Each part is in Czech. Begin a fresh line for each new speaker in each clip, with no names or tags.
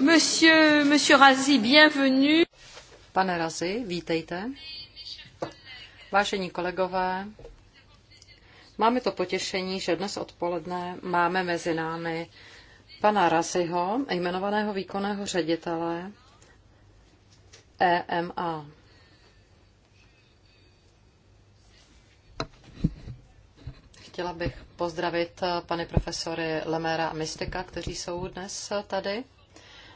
Monsieur, monsieur Razi, bienvenue. Pane Razi, vítejte. Vážení kolegové, máme to potěšení, že dnes odpoledne máme mezi námi pana Raziho, jmenovaného výkonného ředitele EMA. Chtěla bych pozdravit eh, pany profesory Lemera a Mystika, kteří jsou dnes eh, tady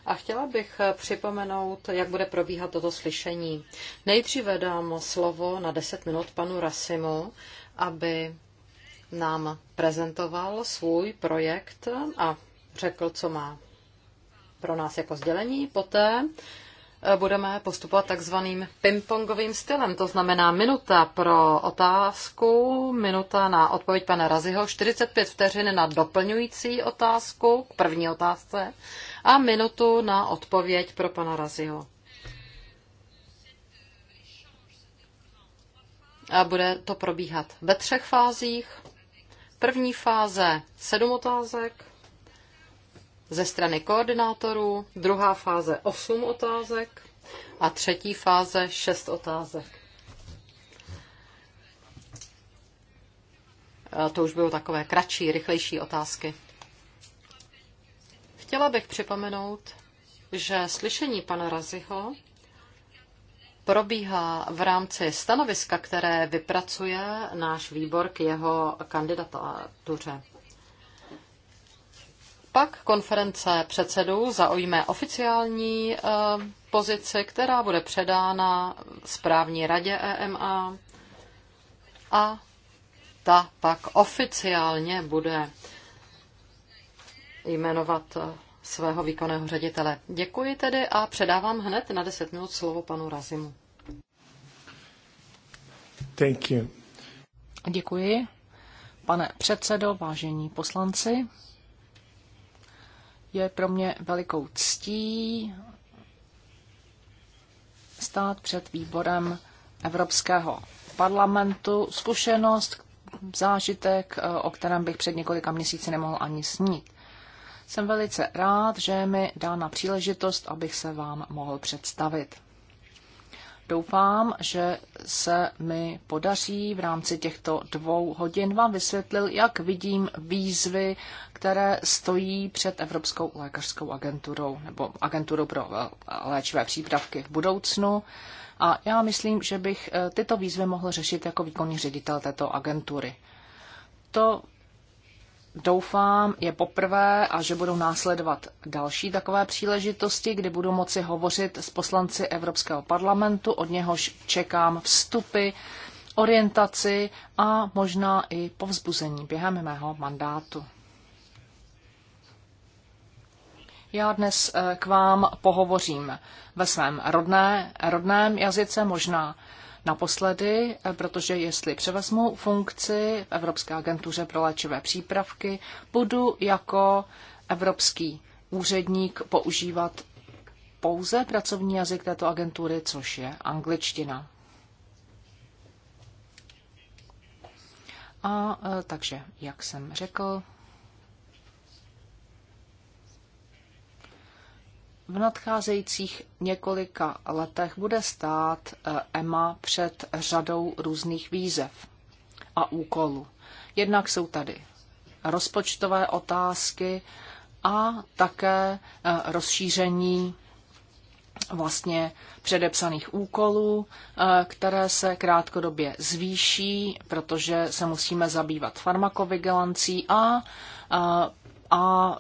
a chtěla bych připomenout, jak bude probíhat toto slyšení. Nejdříve dám slovo na 10 minut panu Rasimu, aby nám prezentoval svůj projekt a řekl, co má pro nás jako sdělení. Poté budeme postupovat takzvaným pingpongovým stylem. To znamená minuta pro otázku, minuta na odpověď pana Raziho, 45 vteřin na doplňující otázku k první otázce a minutu na odpověď pro pana Raziho. A bude to probíhat ve třech fázích. První fáze sedm otázek, ze strany koordinátorů, druhá fáze 8 otázek a třetí fáze 6 otázek. To už bylo takové kratší, rychlejší otázky. Chtěla bych připomenout, že slyšení pana Raziho probíhá v rámci stanoviska, které vypracuje náš výbor k jeho kandidatuře pak konference předsedů zaujme oficiální eh, pozici, která bude předána správní radě EMA a ta pak oficiálně bude jmenovat eh, svého výkonného ředitele. Děkuji tedy a předávám hned
na 10 minut slovo panu Razimu. Thank you. Děkuji. Pane předsedo, vážení poslanci, je pro mě velikou ctí stát před výborem Evropského parlamentu. Zkušenost, zážitek, eh, o kterém bych před několika měsíci nemohl ani snít. Jsem velice rád, že mi dána příležitost, abych se vám mohl představit. Doufám, že se mi podaří v rámci těchto dvou hodin vám vysvětlit, jak vidím výzvy, které stojí před Evropskou lékařskou agenturou nebo agenturou pro eh, léčivé přípravky v budoucnu. A já myslím, že bych eh, tyto výzvy mohl řešit jako výkonný ředitel této agentury. To doufám, je poprvé a že budou následovat další takové příležitosti, kdy budu moci hovořit s poslanci Evropského parlamentu, od něhož čekám vstupy, orientaci a možná i povzbuzení během mého mandátu. Já dnes eh, k vám pohovořím ve svém rodné, rodném jazyce, možná naposledy, eh, protože jestli převezmu funkci v Evropské agentuře pro léčivé přípravky, budu jako evropský úředník používat pouze pracovní jazyk této agentury, což je angličtina. A eh, takže, jak jsem řekl, v nadcházejících několika letech bude stát eh, EMA před řadou různých výzev a úkolů. Jednak jsou tady rozpočtové otázky a také eh, rozšíření vlastně předepsaných úkolů, eh, které se krátkodobě zvýší, protože se musíme zabývat farmakovigilancí a, a, a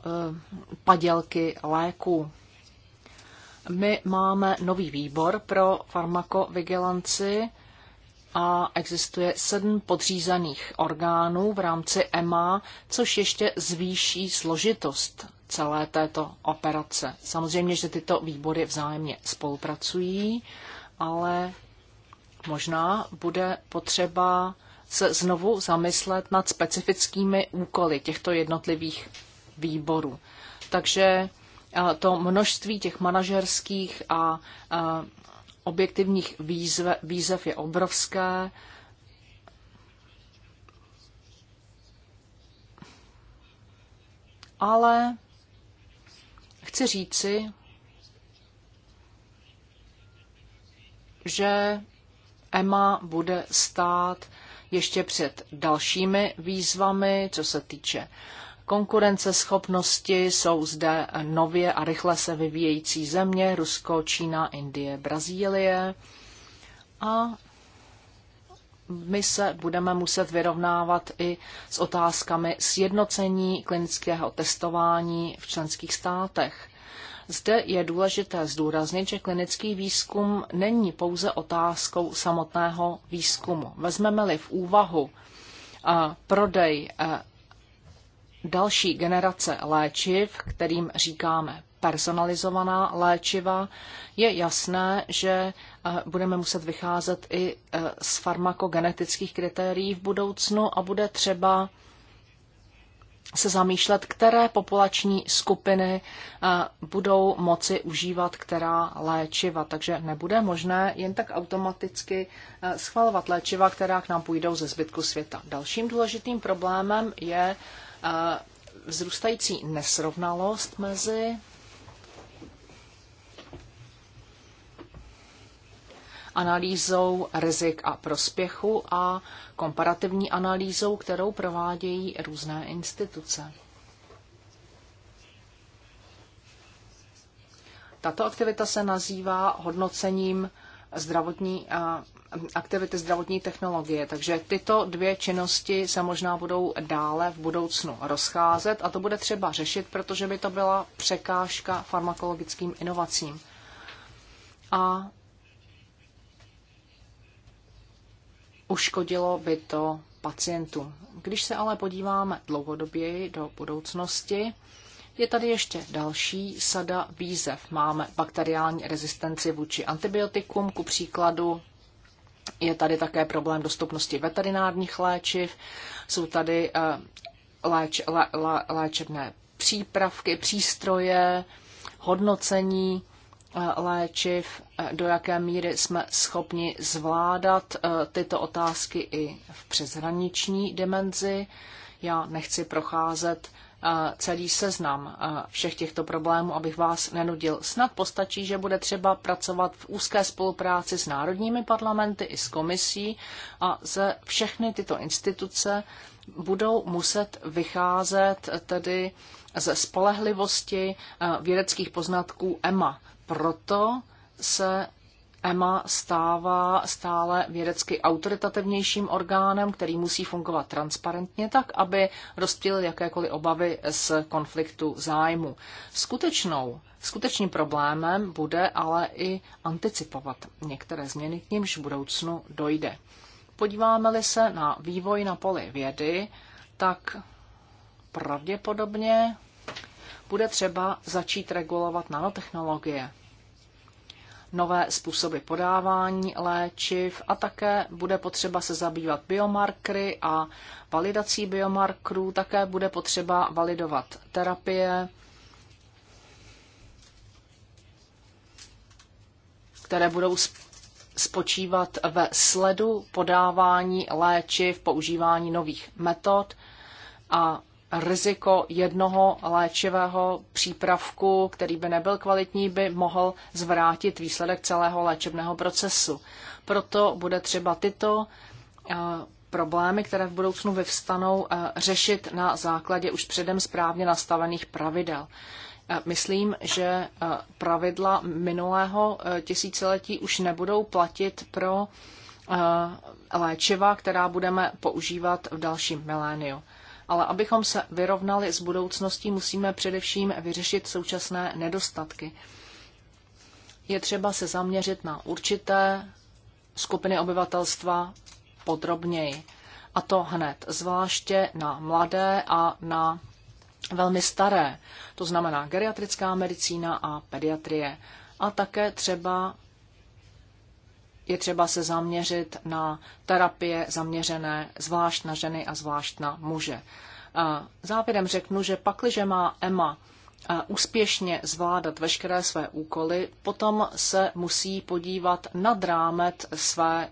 padělky léků. My máme nový výbor pro farmakovigilanci a existuje sedm podřízených orgánů v rámci EMA, což ještě zvýší složitost celé této operace. Samozřejmě, že tyto výbory vzájemně spolupracují, ale možná bude potřeba se znovu zamyslet nad specifickými úkoly těchto jednotlivých výborů. Takže to množství těch manažerských a objektivních výzve, výzev je obrovské. Ale chci říci, že Emma bude stát ještě před dalšími výzvami, co se týče uh, konkurenceschopnosti jsou zde nově a rychle se vyvíjející země Rusko, Čína, Indie, Brazílie. A my se budeme muset vyrovnávat i s otázkami sjednocení klinického testování v členských státech. Zde je důležité zdůraznit, že klinický výzkum není pouze otázkou samotného výzkumu. Vezmeme-li v úvahu eh, prodej eh, další generace léčiv, kterým říkáme personalizovaná léčiva, je jasné, že eh, budeme muset vycházet i eh, z farmakogenetických kritérií v budoucnu a bude třeba se zamýšlet, které populační skupiny eh, budou moci užívat která léčiva. Takže nebude možné jen tak automaticky schvalovat léčiva, která k nám půjdou ze zbytku světa. Dalším důležitým problémem je vzrůstající nesrovnalost mezi analýzou rizik a prospěchu a komparativní analýzou, kterou provádějí různé instituce. Tato aktivita se nazývá hodnocením zdravotní aktivity zdravotní technologie. Takže tyto dvě činnosti se možná budou dále v budoucnu rozcházet a to bude třeba řešit, protože by to byla překážka farmakologickým inovacím. A uškodilo by to pacientům. Když se ale podíváme dlouhodoběji do budoucnosti, je tady ještě další sada výzev. Máme bakteriální rezistenci vůči antibiotikům, ku příkladu je tady také problém dostupnosti veterinárních léčiv, jsou tady eh, léč, lé, lé, léčebné přípravky, přístroje, hodnocení eh, léčiv, eh, do jaké míry jsme schopni zvládat tyto otázky i v přeshraniční dimenzi. Já nechci procházet celý seznam všech těchto problémů, abych vás nenudil. Snad postačí, že bude třeba pracovat v úzké spolupráci s národními parlamenty i s komisí a ze všechny tyto instituce budou muset vycházet tedy ze spolehlivosti vědeckých poznatků EMA. Proto se EMA stává stále vědecky autoritativnějším orgánem, který musí fungovat transparentně tak, aby rozptýlil jakékoliv obavy z konfliktu zájmu. Skutečnou, skutečným problémem bude ale i anticipovat některé změny, k nímž v budoucnu dojde. Podíváme-li se na vývoj na poli vědy, tak pravděpodobně bude třeba začít regulovat nanotechnologie nové způsoby podávání léčiv a také bude potřeba se zabývat biomarkery a validací biomarkerů, také bude potřeba validovat terapie, které budou spočívat ve sledu podávání léčiv, používání nových metod a riziko jednoho léčivého přípravku, který by nebyl kvalitní, by mohl zvrátit výsledek celého léčebného procesu. Proto bude třeba tyto eh, problémy, které v budoucnu vyvstanou, eh, řešit na základě už předem správně nastavených pravidel. Eh, myslím, že pravidla minulého tisíciletí už nebudou platit pro léčiva, která budeme používat v dalším miléniu ale abychom se vyrovnali s budoucností, musíme především vyřešit současné nedostatky. Je třeba se zaměřit na určité skupiny obyvatelstva podrobněji. A to hned, zvláště na mladé a na velmi staré, to znamená geriatrická medicína a pediatrie. A také třeba je třeba se zaměřit na terapie zaměřené zvlášť na ženy a zvlášť na muže. Závěrem řeknu, že pakliže má Emma úspěšně zvládat veškeré své úkoly, potom se musí podívat nad rámet své,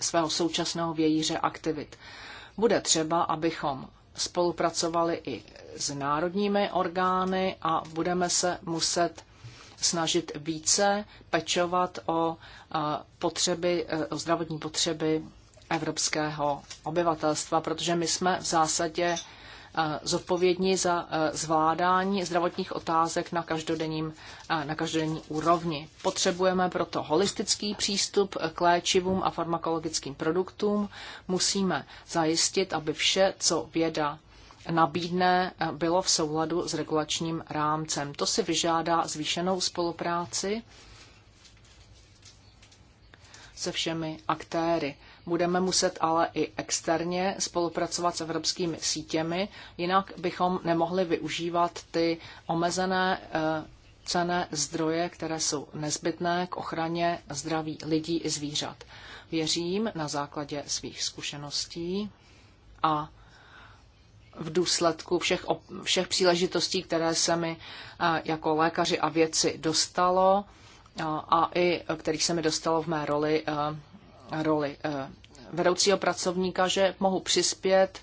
svého současného vějíře aktivit. Bude třeba, abychom spolupracovali i s národními orgány a budeme se muset snažit více pečovat o potřeby, e, o zdravotní potřeby evropského obyvatelstva, protože my jsme v zásadě e, zodpovědní za e, zvládání zdravotních otázek na, každodenním, na každodenní úrovni. Potřebujeme proto holistický přístup k léčivům a farmakologickým produktům. Musíme zajistit, aby vše, co věda nabídne, eh, bylo v souladu s regulačním rámcem. To si vyžádá zvýšenou spolupráci se všemi aktéry. Budeme muset ale i externě spolupracovat s evropskými sítěmi, jinak bychom nemohli využívat ty omezené eh, cené zdroje, které jsou nezbytné k ochraně zdraví lidí i zvířat. Věřím na základě svých zkušeností a v důsledku všech, všech příležitostí, které se mi eh, jako lékaři a věci dostalo eh, a i eh, kterých se mi dostalo v mé roli, roli vedoucího pracovníka, že mohu přispět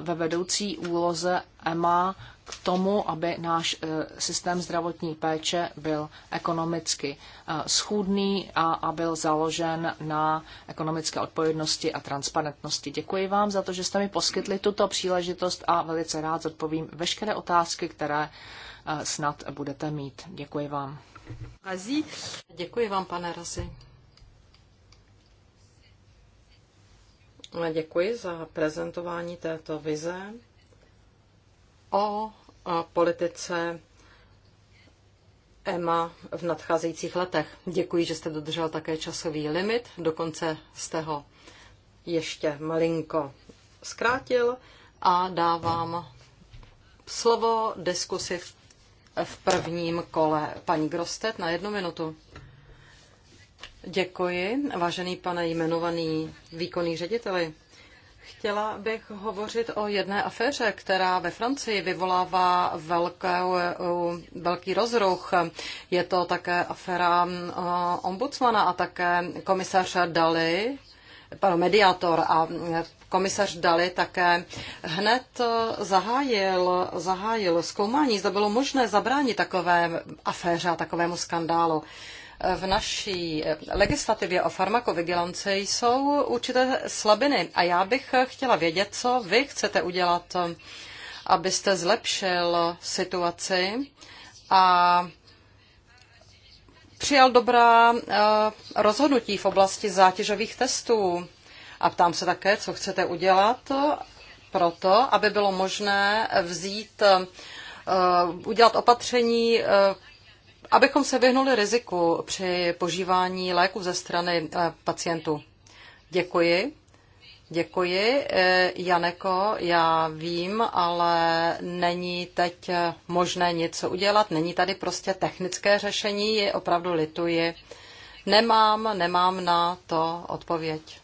ve vedoucí úloze EMA k tomu, aby náš e, systém zdravotní péče byl ekonomicky e, schůdný a, byl založen na ekonomické odpovědnosti a transparentnosti. Děkuji vám za to, že jste mi poskytli tuto příležitost a velice rád zodpovím veškeré otázky, které e, snad budete mít. Děkuji vám.
Razí. Děkuji vám, pane Razi. Děkuji za prezentování této vize o politice EMA v nadcházejících letech. Děkuji, že jste dodržel také časový limit, dokonce jste ho ještě malinko zkrátil a dávám slovo diskusi v, prvním kole paní Grostet na jednu minutu. Děkuji, vážený pane jmenovaný výkonný řediteli. Chtěla bych hovořit o jedné aféře, která ve Francii vyvolává velkou, velký rozruch. Je to také aféra eh, ombudsmana a také komisař Dali, pan mediátor a komisař Dali také hned zahájil, zahájil zkoumání, zda bylo možné zabránit takové aféře a takovému skandálu v naší legislativě o farmakovigilanci jsou určité slabiny a já bych chtěla vědět, co vy chcete udělat, abyste zlepšil situaci a přijal dobrá eh, rozhodnutí v oblasti zátěžových testů. A ptám se také, co chcete udělat proto, aby bylo možné vzít, eh, udělat opatření eh, abychom se vyhnuli riziku při požívání léku ze strany eh, pacientů. Děkuji. Děkuji. Eh, Janeko, já vím, ale není teď eh, možné něco udělat. Není tady prostě technické řešení, je opravdu lituji. Nemám, nemám na to odpověď.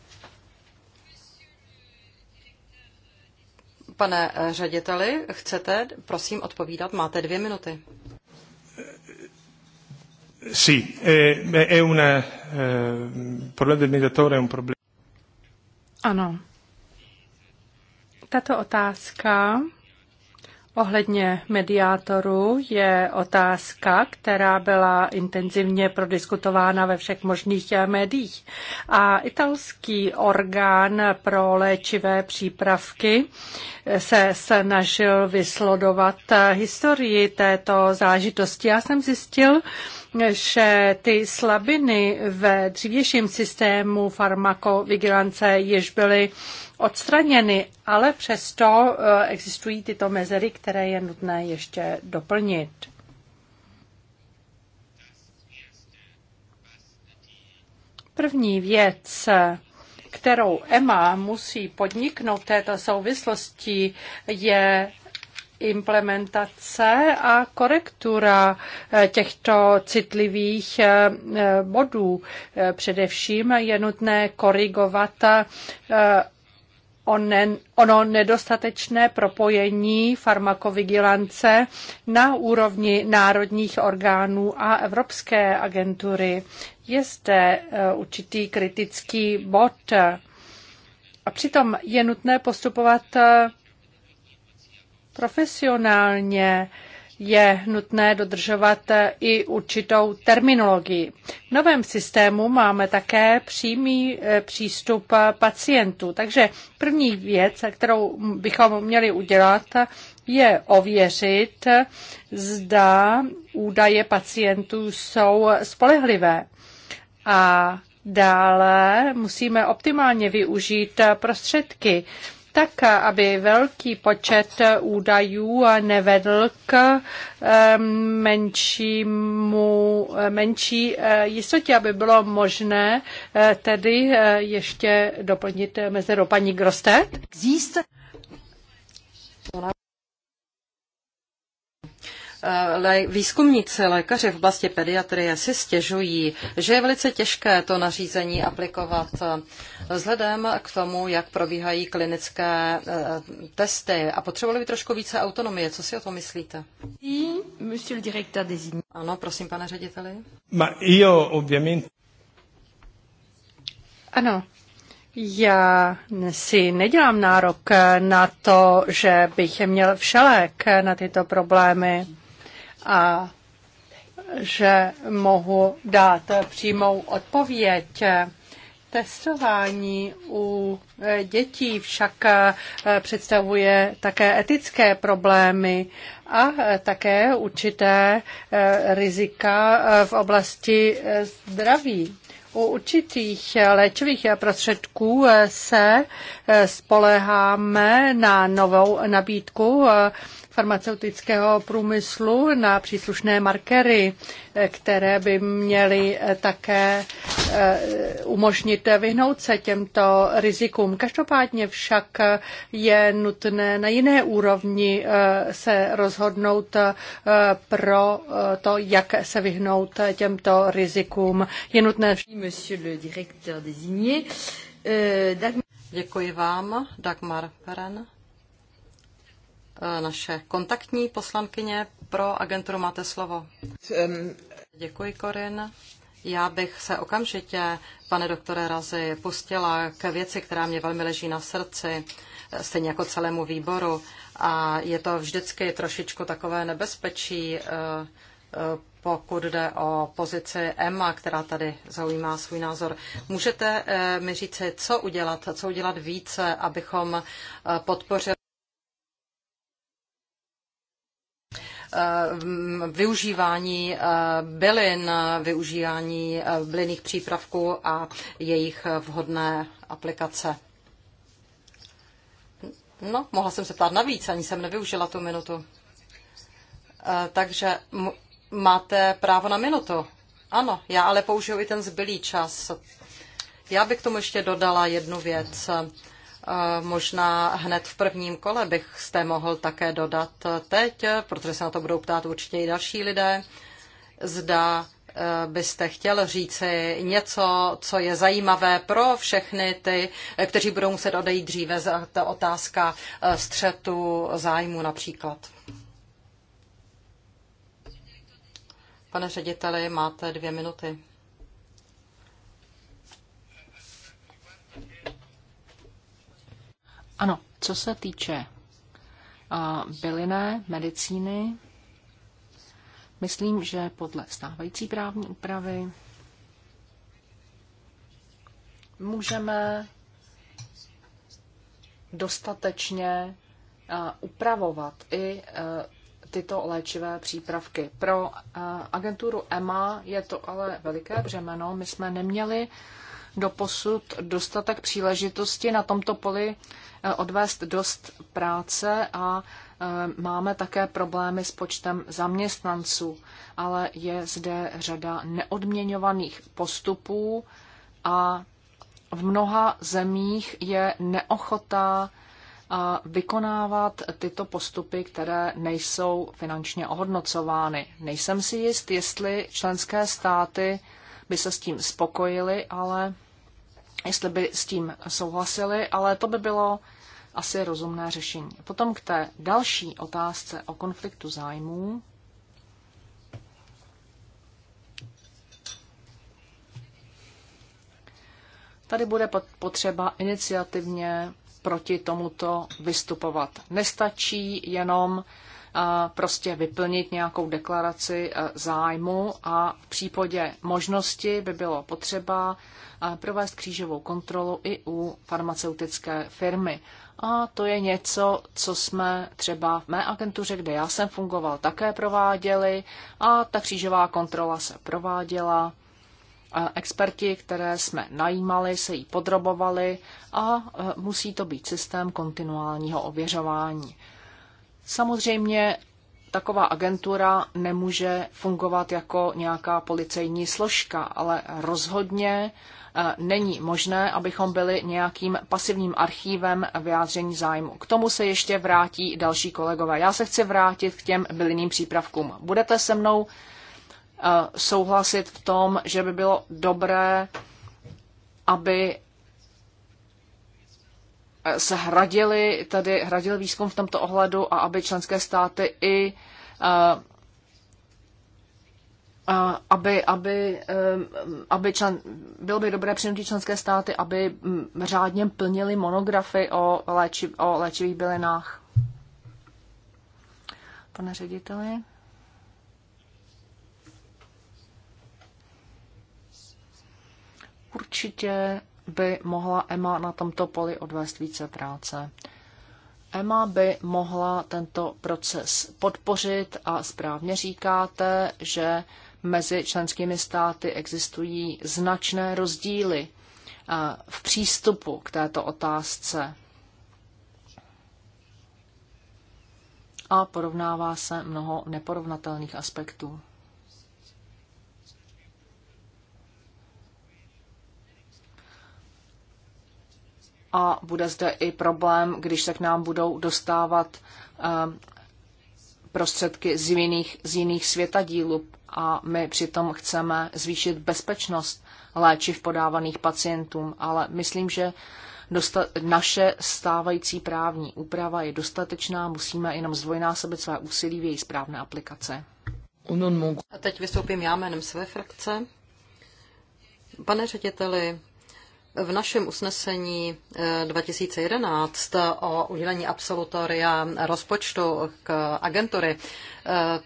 Pane řediteli, chcete, prosím, odpovídat? Máte dvě minuty.
Sì, è, è eh, problema del mediatore è un problema.
Ano.
Tato otázka Ohledně mediátorů je otázka, která byla intenzivně prodiskutována ve všech možných médiích. A italský orgán pro léčivé přípravky se snažil vyslodovat historii této zážitosti. Já jsem zjistil, že ty slabiny ve dřívějším systému farmakovigilance již byly odstraněny, ale přesto eh, existují tyto mezery, které je nutné ještě doplnit. První věc kterou EMA musí podniknout této souvislosti, je implementace a korektura eh, těchto citlivých eh, eh, bodů. Především je nutné korigovat ono nedostatečné propojení farmakovigilance na úrovni národních orgánů a Evropské agentury. Je zde eh, určitý kritický bod a přitom je nutné postupovat eh, profesionálně je nutné dodržovat eh, i určitou terminologii. V novém systému máme také přímý přístup pacientů. Takže první věc, kterou bychom měli udělat, je ověřit, zda údaje pacientů jsou spolehlivé. A dále musíme optimálně využít prostředky tak, aby velký počet údajů nevedl k menšímu, menší eh, jistotě, aby bylo možné eh, tedy eh, ještě doplnit mezi paní Grostet.
Výzkumníci, lékaři v oblasti pediatrie si stěžují, že je velice těžké to nařízení aplikovat eh, vzhledem k tomu, jak probíhají klinické eh, testy a potřebovali by trošku více autonomie. Co si o to myslíte? Ano, prosím, pane řediteli.
Ma io ovviamente.
Ano, já si nedělám
nárok na to, že bych měl všelék na tyto problémy a že mohu dát přímou odpověď. Testování u dětí však představuje také etické problémy a také určité rizika v oblasti zdraví. U určitých léčivých prostředků se spoleháme na novou nabídku farmaceutického průmyslu na příslušné markery, které by měly také eh, umožnit vyhnout se těmto rizikům. Každopádně však je nutné na jiné úrovni eh, se rozhodnout eh, pro to, jak se vyhnout těmto rizikům. Je nutné.
Euh, Děkuji vám, Dagmar Peren. Eh, naše kontaktní poslankyně pro agenturu. Máte slovo. Ehm, Děkuji, Korin. Já bych se okamžitě, pane doktore Razy, pustila k věci, která mě velmi leží na srdci, eh, stejně jako celému výboru. A je to vždycky trošičku takové nebezpečí, eh, pokud jde o pozici EMA, která tady zaujímá svůj názor. Můžete mi říci, co udělat, co udělat více, abychom podpořili Eh, využívání eh, bylin, využívání eh, bylinných přípravků a jejich vhodné aplikace. No, mohla jsem se ptát navíc, ani jsem nevyužila tu minutu. Takže máte právo na minutu. Ano, já ale použiju i ten zbylý čas. Já bych k tomu ještě dodala jednu věc. Možná hned v prvním kole bych jste mohl také dodat teď, protože se na to budou ptát určitě i další lidé, zda e, byste chtěl říci něco, co je zajímavé pro všechny ty, e, kteří budou muset odejít dříve, ta otázka e, střetu zájmu například. Pane řediteli, máte dvě minuty.
Ano, co se týče bylinné medicíny, myslím, že podle stávající právní úpravy můžeme dostatečně upravovat i e, tyto léčivé přípravky. Pro agenturu EMA je to ale veliké břemeno. My jsme neměli doposud dostatek příležitosti na tomto poli eh, odvést dost práce a eh, máme také problémy s počtem zaměstnanců, ale je zde řada neodměňovaných postupů a v mnoha zemích je neochota eh, vykonávat tyto postupy, které nejsou finančně ohodnocovány. Nejsem si jist, jestli členské státy by se s tím spokojily, ale jestli by s tím souhlasili, ale to by bylo asi rozumné řešení. Potom k té další otázce o konfliktu zájmů. Tady bude potřeba iniciativně proti tomuto vystupovat. Nestačí jenom prostě vyplnit nějakou deklaraci e, zájmu a v případě možnosti by bylo potřeba e, provést křížovou kontrolu i u farmaceutické firmy. A to je něco, co jsme třeba v mé agentuře, kde já jsem fungoval, také prováděli a ta křížová kontrola se prováděla. Experti, které jsme najímali, se jí podrobovali a e, musí to být systém kontinuálního ověřování. Samozřejmě taková agentura nemůže fungovat jako nějaká policejní složka, ale rozhodně eh, není možné, abychom byli nějakým pasivním archívem vyjádření zájmu. K tomu se ještě vrátí další kolegové. Já se chci vrátit k těm bylinným přípravkům. Budete se mnou eh, souhlasit v tom, že by bylo dobré, aby se hradili, tedy hradil výzkum v tomto ohledu a aby členské státy i eh, eh, aby, aby, eh, aby člen, bylo by dobré přinutí členské státy, aby mm, řádně plnili monografy o, léči, o léčivých bylinách. Pane řediteli. Určitě by mohla Emma na tomto poli odvést více práce. Emma by mohla tento proces podpořit a správně říkáte, že mezi členskými státy existují značné rozdíly eh, v přístupu k této otázce. A porovnává se mnoho neporovnatelných aspektů. a bude zde i problém, když se k nám budou dostávat eh, prostředky z jiných, z jiných světadílů a my přitom chceme zvýšit bezpečnost léčiv podávaných pacientům, ale myslím, že naše stávající právní úprava je dostatečná, musíme jenom zdvojnásobit své úsilí v její správné aplikace. A teď vystoupím já jménem své frakce.
Pane řediteli, v našem usnesení 2011 eh, o udělení absolutoria rozpočtu k agentury eh,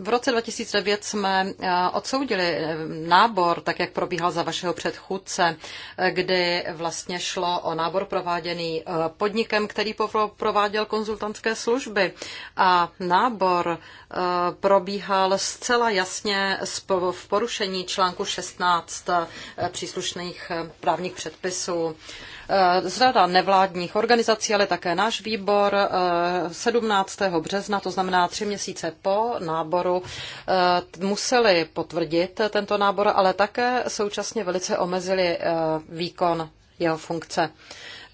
v roce 2009 jsme eh, odsoudili eh, nábor, tak jak probíhal za vašeho předchůdce, eh, kdy vlastně šlo o nábor prováděný podnikem, který prováděl konzultantské služby. A nábor probíhal zcela jasně v porušení článku 16 příslušných právních předpisů. Eh, Zrada nevládních organizací, ale také náš výbor 17. Eh, března, to znamená tři měsíce po náboru, eh, museli potvrdit tento nábor, ale také současně velice omezili výkon jeho funkce.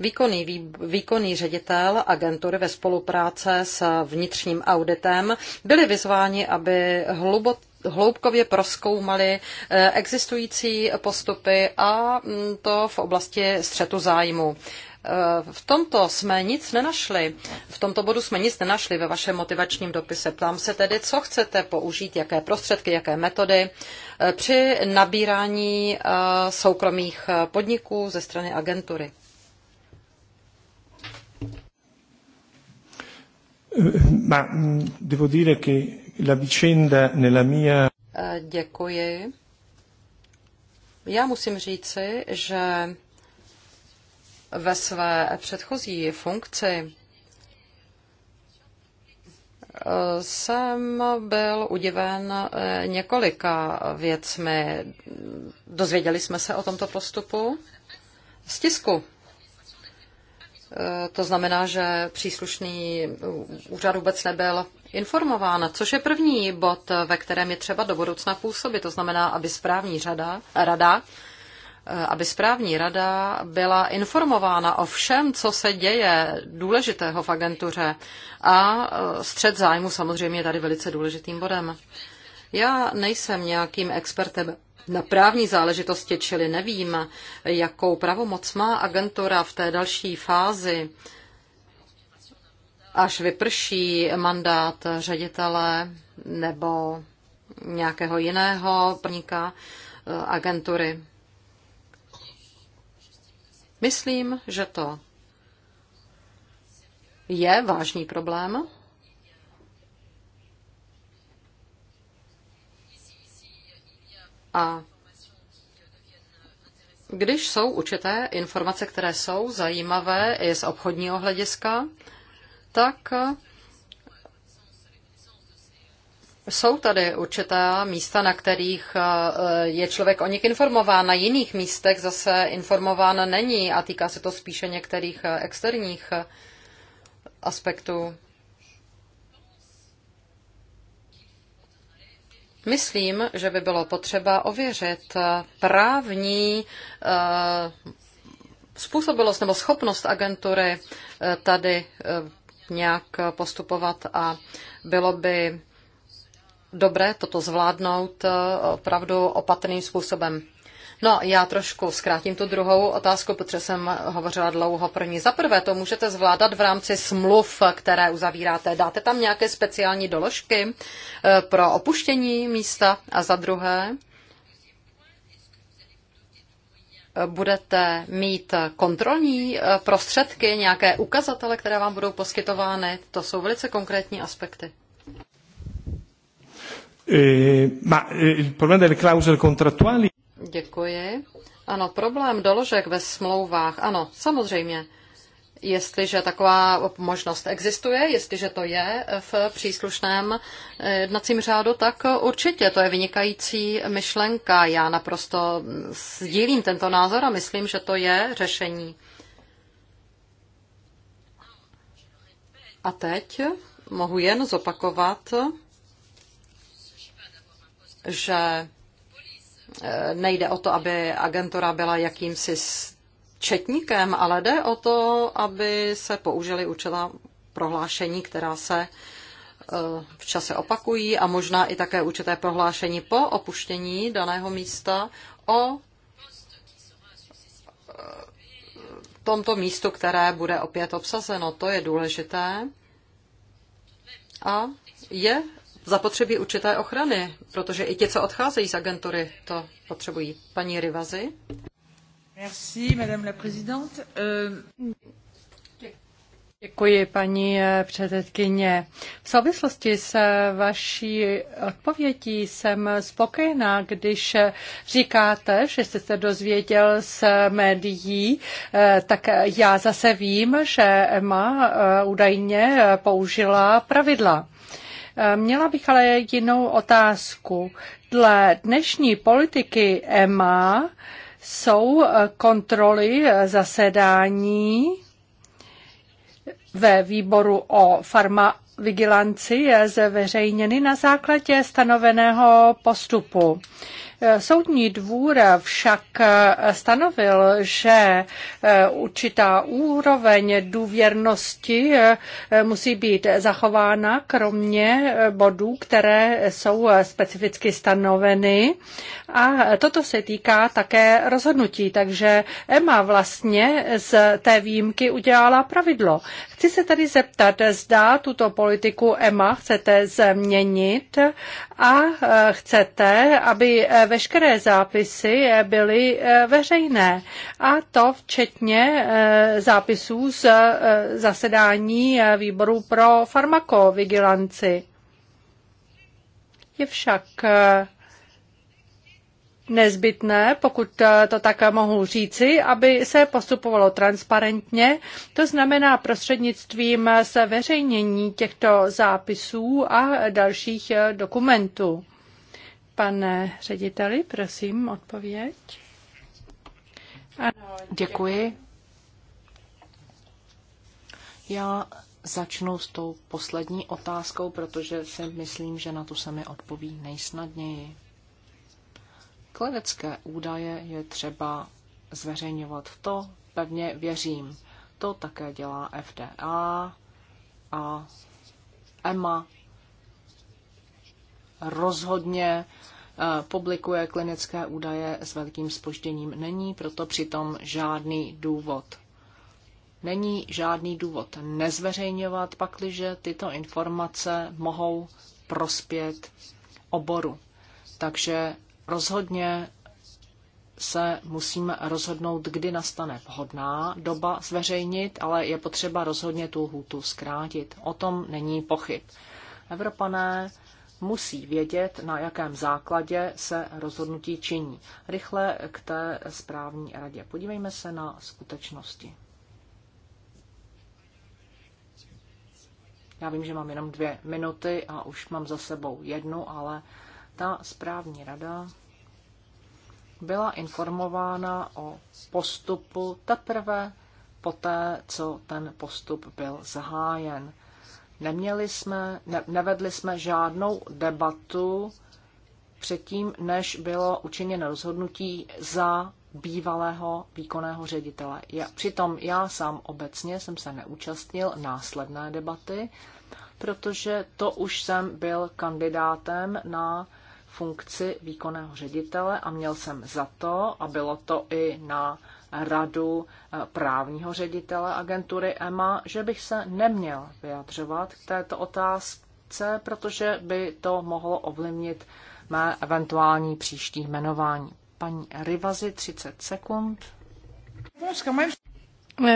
Výkonný, výkonný ředitel agentury ve spolupráce s vnitřním auditem byli vyzváni, aby hlubo, hloubkově proskoumali eh, existující postupy a mm, to v oblasti střetu zájmu. Eh, v tomto jsme nic nenašli. V tomto bodu jsme nic nenašli ve vašem motivačním dopise. Ptám se tedy, co chcete použít, jaké prostředky, jaké metody eh, při nabírání soukromých podniků ze strany agentury.
Ma mm, devo dire che La vicenda nella mia...
Eh, děkuji. Já musím říci, že ve své předchozí funkci eh, jsem byl udiven eh, několika věcmi. Dozvěděli jsme se o tomto postupu z tisku. To znamená, že příslušný úřad vůbec nebyl informována, což je první bod, ve kterém je třeba do budoucna působit. To znamená, aby správní řada, rada aby správní rada byla informována o všem, co se děje důležitého v agentuře. A e, střed zájmu samozřejmě je tady velice důležitým bodem. Já nejsem nějakým expertem na právní záležitosti, čili nevím, jakou pravomoc má agentura v té další fázi až vyprší mandát ředitele nebo nějakého jiného plníka eh, agentury. Myslím, že to je vážný problém. A když jsou určité informace, které jsou zajímavé i z obchodního hlediska, tak jsou tady určitá místa, na kterých eh, je člověk o nich informován, na jiných místech zase informován není a týká se to spíše některých eh, externích eh, aspektů. Myslím, že by bylo potřeba ověřit právní způsobilost nebo schopnost agentury tady nějak postupovat a bylo by dobré toto zvládnout eh, opravdu opatrným způsobem. No, já trošku zkrátím tu druhou otázku, protože jsem hovořila dlouho pro ní. Za prvé, to můžete zvládat v rámci smluv, které uzavíráte. Dáte tam nějaké speciální doložky eh, pro opuštění místa? A za druhé, budete mít kontrolní eh, prostředky, nějaké ukazatele, které vám budou poskytovány? To jsou velice konkrétní aspekty.
Eh, eh,
Děkuji. Ano, problém doložek ve smlouvách, ano, samozřejmě jestliže taková možnost existuje, jestliže to je v příslušném jednacím řádu, tak určitě to je vynikající myšlenka. Já naprosto sdílím tento názor a myslím, že to je řešení. A teď mohu jen zopakovat, že nejde o to, aby agentura byla jakýmsi četníkem, ale jde o to, aby se použili určitá prohlášení, která se eh, v čase opakují a možná i také určité prohlášení po opuštění daného místa o eh, tomto místu, které bude opět obsazeno. To je důležité a je zapotřebí určité ochrany, protože i ti, co odcházejí z agentury, to potřebují. Paní Rivazy.
Euh,
Děkuji, paní eh, předsedkyně. V souvislosti s eh, vaší odpovědí jsem spokojená, když eh, říkáte, že jste se dozvěděl z médií, tak já zase vím, že ema údajně použila pravidla. Měla bych ale jinou otázku. Dle dnešní politiky EMA jsou eh, kontroly eh, zasedání ve výboru o farma vigilanci je eh, zveřejněny na základě stanoveného postupu. Soudní dvůr však stanovil, že e, určitá úroveň důvěrnosti e, musí být zachována, kromě e, bodů, které jsou specificky stanoveny. A toto se týká také rozhodnutí, takže EMA vlastně z té výjimky udělala pravidlo. Chci se tady zeptat, zda tuto politiku EMA chcete změnit a e, chcete, aby e, veškeré zápisy e, byly veřejné a to včetně zápisů z zasedání výboru pro farmakovigilanci. Je však nezbytné, pokud eh, to tak mohu říci, aby se postupovalo transparentně, to znamená prostřednictvím zveřejnění těchto zápisů a dalších eh, dokumentů. Pane řediteli, prosím, odpověď.
Ano, děkuji. Já začnu s tou poslední otázkou, protože si myslím, že na tu se mi odpoví nejsnadněji. Klinické údaje je třeba zveřejňovat. V to pevně věřím. To také dělá FDA a EMA e rozhodně eh, publikuje klinické údaje s velkým spožděním. Není proto přitom žádný důvod. Není žádný důvod nezveřejňovat, pakliže tyto informace mohou prospět oboru. Takže Rozhodně se musíme rozhodnout, kdy nastane vhodná doba zveřejnit, ale je potřeba rozhodně tu hůtu zkrátit. O tom není pochyb. Evropané musí vědět, na jakém základě se rozhodnutí činí. Rychle k té správní radě. Podívejme se na skutečnosti. Já vím, že mám jenom dvě minuty a už mám za sebou jednu, ale ta správní rada byla informována o postupu teprve poté, co ten postup byl zahájen. Neměli jsme, ne, nevedli jsme žádnou debatu předtím, než bylo učiněno rozhodnutí za bývalého výkonného ředitele. Já, přitom já sám obecně jsem se neúčastnil následné debaty, protože to už jsem byl kandidátem na funkci výkonného ředitele a měl jsem za to, a bylo to i na radu eh, právního ředitele agentury EMA, že bych se neměl vyjadřovat k této otázce, protože by to mohlo ovlivnit mé eventuální příští jmenování. Paní Rivazi, 30 sekund.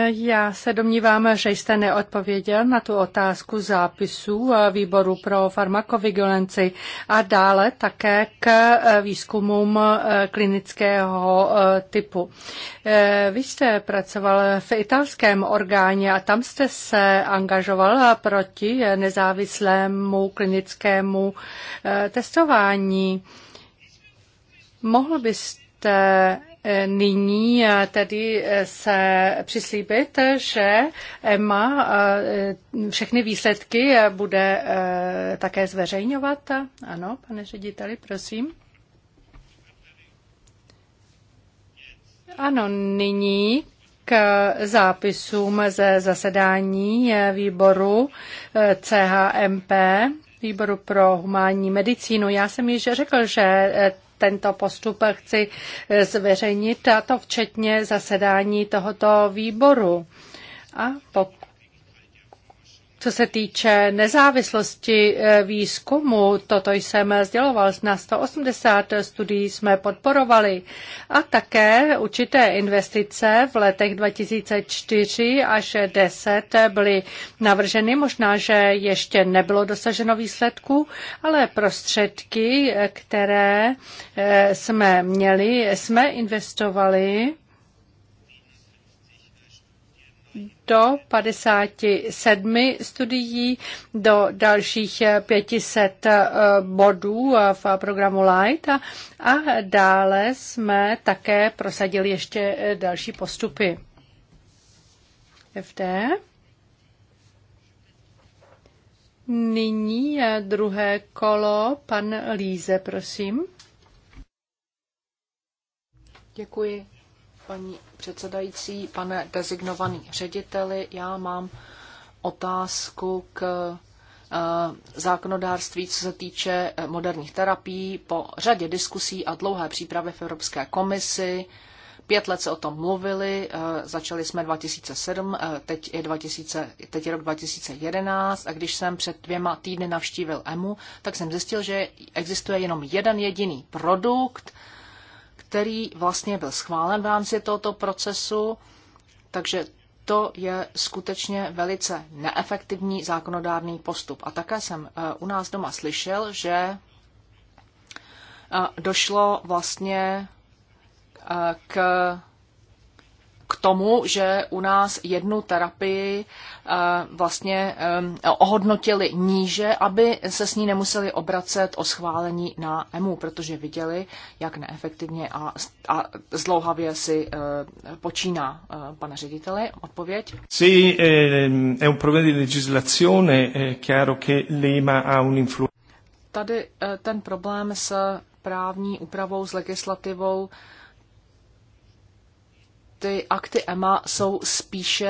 Já se domnívám, že jste neodpověděl na tu otázku zápisů eh, výboru pro farmakovigilanci a dále také k eh, výzkumům eh, klinického typu. Vy jste pracoval v italském orgáně a tam jste se angažoval proti nezávislému klinickému testování. Mohl byste nyní eh, tedy eh, se přislíbit, že EMA eh, všechny výsledky bude také zveřejňovat? Ano, pane řediteli, prosím. Ano, nyní k zápisům ze zasedání výboru CHMP výboru pro humánní medicínu. Já jsem již řekl, že tento postup chci eh, zveřejnit, a to včetně zasedání tohoto výboru. A pokud co se týče nezávislosti eh, výzkumu, toto jsem sděloval, na 180 studií jsme podporovali a také určité investice v letech 2004 až 10 byly navrženy. Možná, že ještě nebylo dosaženo výsledků, ale prostředky, eh, které eh, jsme měli, jsme investovali do 57 studií, do dalších 500 eh, bodů eh, v programu Light a, a dále jsme také prosadili ještě eh, další postupy. FD. Nyní druhé kolo. Pan Líze, prosím.
Děkuji, paní předsedající, pane designovaný řediteli, já mám otázku k eh, zákonodárství, co se týče eh, moderních terapií. Po řadě diskusí a dlouhé přípravy v Evropské komisi Pět let se o tom mluvili, eh, začali jsme 2007, teď je, 2000, teď je rok 2011 a když jsem před dvěma týdny navštívil EMU, tak jsem zjistil, že existuje jenom jeden jediný produkt, který vlastně byl schválen v rámci tohoto procesu, takže to je skutečně velice neefektivní zákonodárný postup. A také jsem eh, u nás doma slyšel, že eh, došlo vlastně eh, k tomu, že u nás jednu terapii eh, vlastně eh, ohodnotili níže, aby se s ní nemuseli obracet o schválení na EMU, protože viděli, jak neefektivně a, zdlouhavě si eh, počíná. Pane řediteli, odpověď?
Sì, ehm, è un problema di legislazione, è chiaro che l'EMA ha un'influenza.
Tady ten problém s právní úpravou, s legislativou ty akty EMA jsou spíše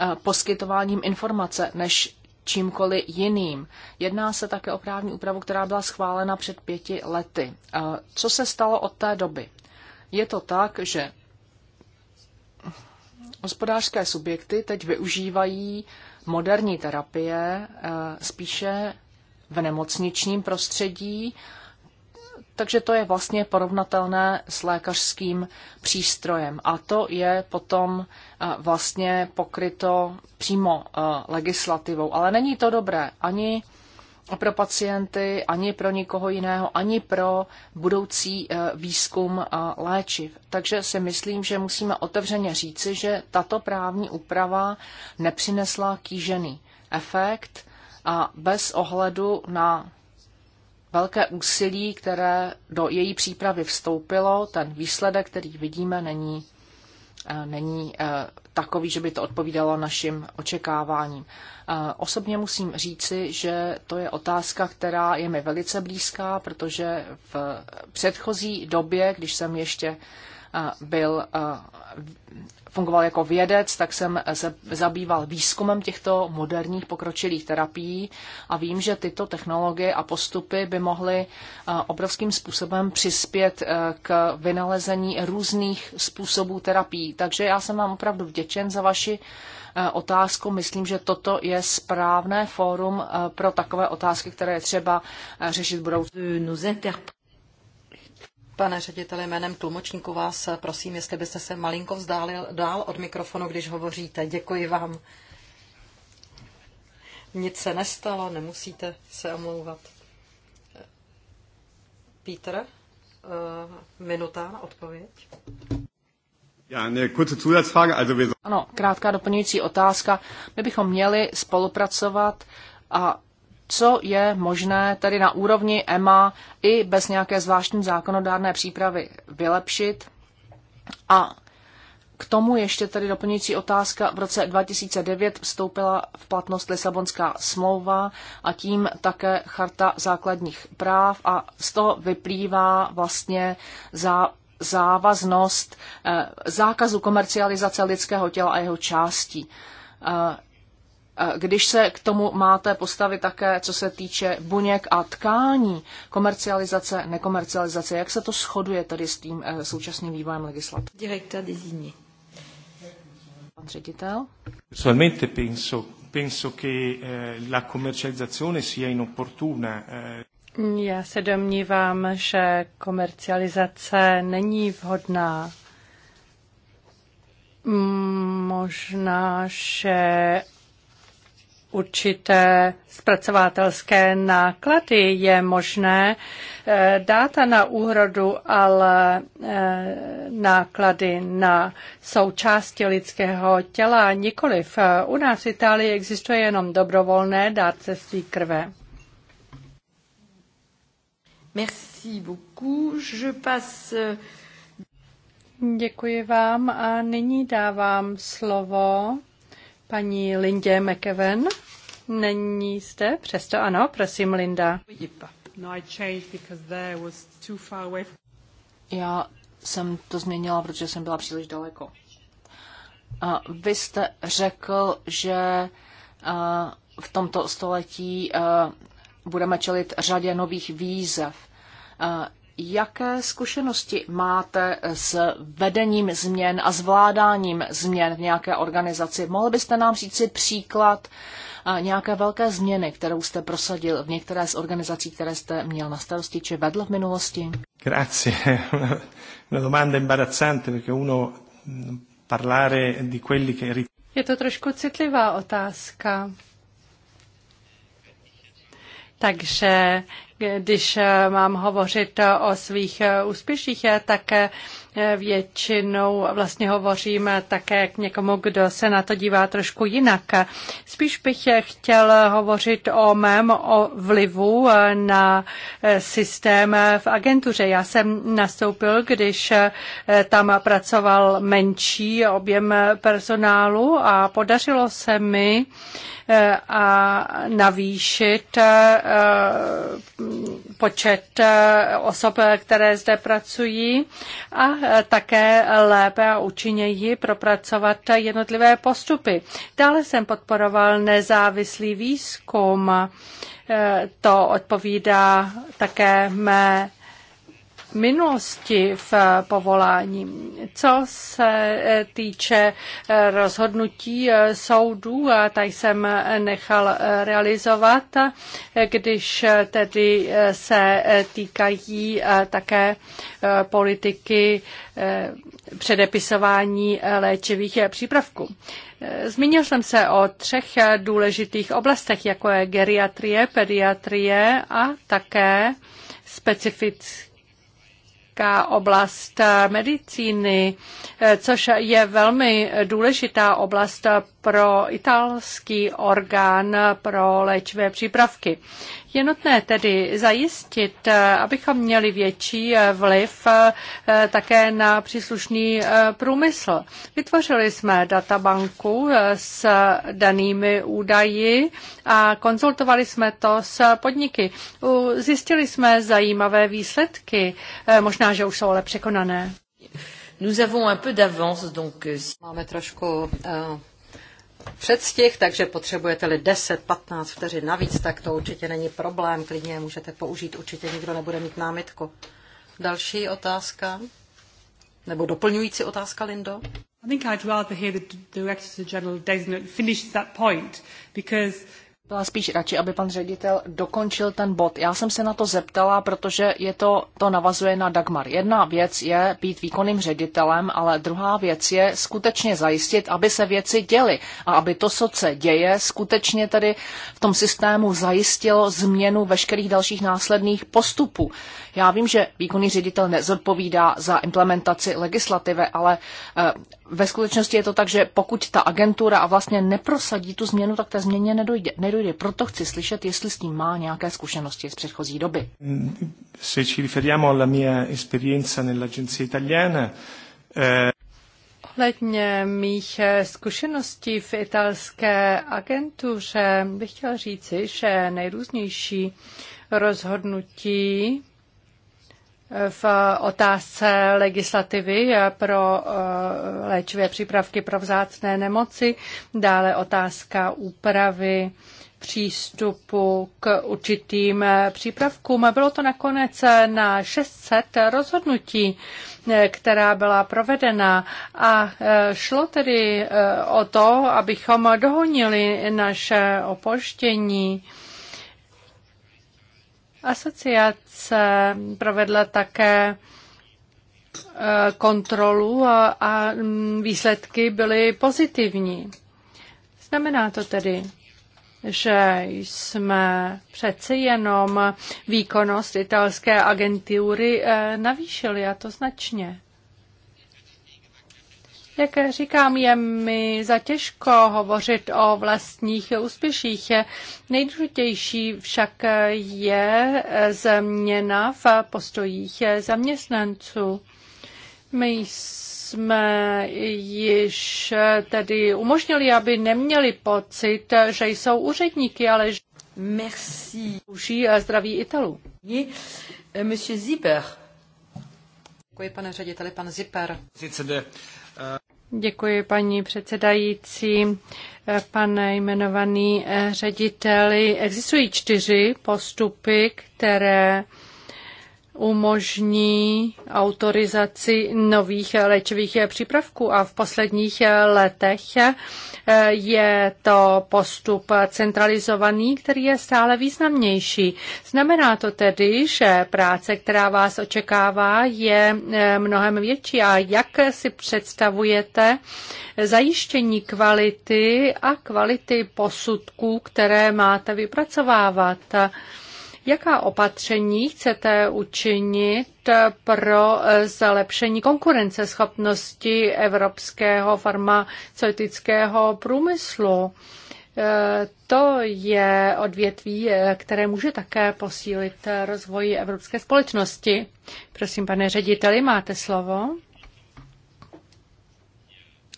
eh, poskytováním informace než čímkoliv jiným. Jedná se také o právní úpravu, která byla schválena před pěti lety. Eh, co se stalo od té doby? Je to tak, že hospodářské subjekty teď využívají moderní terapie eh, spíše v nemocničním prostředí takže to je vlastně porovnatelné s lékařským přístrojem. A to je potom eh, vlastně pokryto přímo eh, legislativou. Ale není to dobré ani pro pacienty, ani pro nikoho jiného, ani pro budoucí eh, výzkum léčiv. Takže si myslím, že musíme otevřeně říci, že tato právní úprava nepřinesla kýžený efekt a bez ohledu na velké úsilí, které do její přípravy vstoupilo, ten výsledek, který vidíme, není, eh, není eh, takový, že by to odpovídalo našim očekáváním. Eh, osobně musím říci, že to je otázka, která je mi velice blízká, protože v předchozí době, když jsem ještě byl fungoval jako vědec, tak jsem se zabýval výzkumem těchto moderních pokročilých terapií a vím, že tyto technologie a postupy by mohly eh, obrovským způsobem přispět eh, k vynalezení různých způsobů terapií. Takže já jsem vám opravdu vděčen za vaši eh, otázku. Myslím, že toto je správné fórum pro takové otázky, které je třeba řešit budoucnu.
Pane řediteli, jménem tlumočníku vás prosím, jestli byste se malinko vzdálil dál od mikrofonu, když hovoříte. Děkuji vám. Nic se nestalo, nemusíte se omlouvat. Pítr, eh, minuta na odpověď.
Ano, krátká doplňující otázka. My bychom měli spolupracovat a co je možné tedy na úrovni EMA i bez nějaké zvláštní zákonodárné přípravy vylepšit. A k tomu ještě tedy doplňující otázka. V roce 2009 vstoupila v platnost Lisabonská smlouva a tím také Charta základních práv a z toho vyplývá vlastně za závaznost eh, zákazu komercializace lidského těla a jeho částí. Eh, když se k tomu máte postavit také, co se týče buněk a tkání, komercializace, nekomercializace, jak se to shoduje tedy s tím eh, současným vývojem legislativy? Direkta Dizini. Pan ředitel.
Personalmente penso, penso che eh, la commercializzazione sia inopportuna. Eh.
Já se domnívám, že komercializace není vhodná. Možná, že určité zpracovatelské náklady je možné eh, dát na úhradu, ale eh, náklady na součásti lidského těla nikoliv. U nás v Itálii existuje jenom dobrovolné dárcevství krve.
Merci beaucoup. Je passe... Euh,
Děkuji vám a nyní dávám slovo Paní Lindě McEwen není jste? přesto ano, prosím Linda. No,
Já jsem to změnila, protože jsem byla příliš daleko. A vy jste řekl, že v tomto století budeme čelit řadě nových výzev jaké zkušenosti máte s vedením změn a zvládáním změn v nějaké organizaci? Mohl byste nám říci příklad eh, nějaké velké změny, kterou jste prosadil v některé z organizací, které jste měl na starosti či vedl v minulosti?
Grazie. Una domanda imbarazzante perché uno mm, parlare di quelli che...
Je to trošku citlivá
otázka takže když mám hovořit o svých úspěších, tak Eh, většinou vlastně hovořím také k někomu, kdo se na to dívá trošku jinak. Spíš bych chtěl hovořit o mém o vlivu eh, na eh, systém v agentuře. Já jsem nastoupil, když tam pracoval menší objem personálu a podařilo se mi a navýšit počet osob, které zde pracují a Eh, také lépe a účinněji propracovat jednotlivé postupy. Dále jsem podporoval nezávislý výzkum. Eh, to odpovídá také mé minulosti v povolání. Co se týče rozhodnutí soudů, ta jsem nechal realizovat, když tedy se týkají také politiky předepisování léčivých přípravků. Zmínil jsem se o třech důležitých oblastech, jako je geriatrie, pediatrie a také specifické také oblast medicíny, což je velmi důležitá oblast pro italský orgán pro léčivé přípravky. Je nutné tedy zajistit, abychom měli větší vliv eh, také na příslušný eh, průmysl. Vytvořili jsme databanku eh, s danými údaji a konzultovali jsme to s podniky. Zjistili jsme zajímavé výsledky, možná, že už jsou ale překonané. Nous
avons un peu d'avance, donc... Euh, Máme trošku uh, předstih, takže potřebujete-li 10-15 vteřin navíc, tak to určitě není problém, klidně je můžete použít, určitě nikdo nebude mít námitku. Další otázka? Nebo doplňující otázka, Lindo?
I think I'd rather hear the Director General designate finish that point
because byla spíš radši, aby pan ředitel dokončil ten bod. Já jsem se na to zeptala, protože je to, to navazuje na Dagmar. Jedna věc je být výkonným ředitelem, ale druhá věc je skutečně zajistit, aby se věci děly a aby to, co se děje, skutečně tedy v tom systému zajistilo změnu veškerých dalších následných postupů. Já vím, že výkonný ředitel nezodpovídá za implementaci legislativy, ale eh, ve skutečnosti je to tak, že pokud ta agentura a vlastně neprosadí tu změnu, tak té změně nedojde. nedojde. Proto chci slyšet, jestli s tím má nějaké zkušenosti z předchozí doby.
Se ci riferiamo alla mia esperienza nell'agenzia italiana, eh,
Ohledně mých zkušeností v italské agentuře bych chtěl říci, že nejrůznější rozhodnutí v otázce legislativy pro eh, léčivé přípravky pro vzácné nemoci, dále otázka úpravy přístupu k určitým eh, přípravkům. Bylo to nakonec eh, na 600 rozhodnutí, která byla provedena a šlo tedy o to, abychom dohonili naše opoštění. Asociace provedla také e, kontrolu a výsledky byly pozitivní. Znamená to tedy, že jsme přece jenom výkonnost italské agentury e, navýšili a to značně. Jak říkám, je mi zatěžko hovořit o vlastních úspěších. Nejdůležitější však je změna v postojích zaměstnanců. My jsme již tedy umožnili, aby neměli pocit,
že jsou úředníky, ale že Merci. Uží a zdraví Italu. Monsieur Zipper. Děkuji, pane řediteli, pan Zipper.
Děkuji, paní předsedající. Pane jmenovaný eh, řediteli, existují čtyři postupy, které umožní autorizaci nových léčivých přípravků a v posledních letech je to postup centralizovaný, který je stále významnější. Znamená to tedy, že práce, která vás očekává, je mnohem větší. A jak si představujete zajištění kvality a kvality posudků, které máte vypracovávat? Jaká opatření chcete učinit pro zlepšení konkurenceschopnosti evropského farmaceutického průmyslu? Eh, to je odvětví, eh, které může také posílit rozvoj evropské společnosti. Prosím, pane řediteli, máte slovo.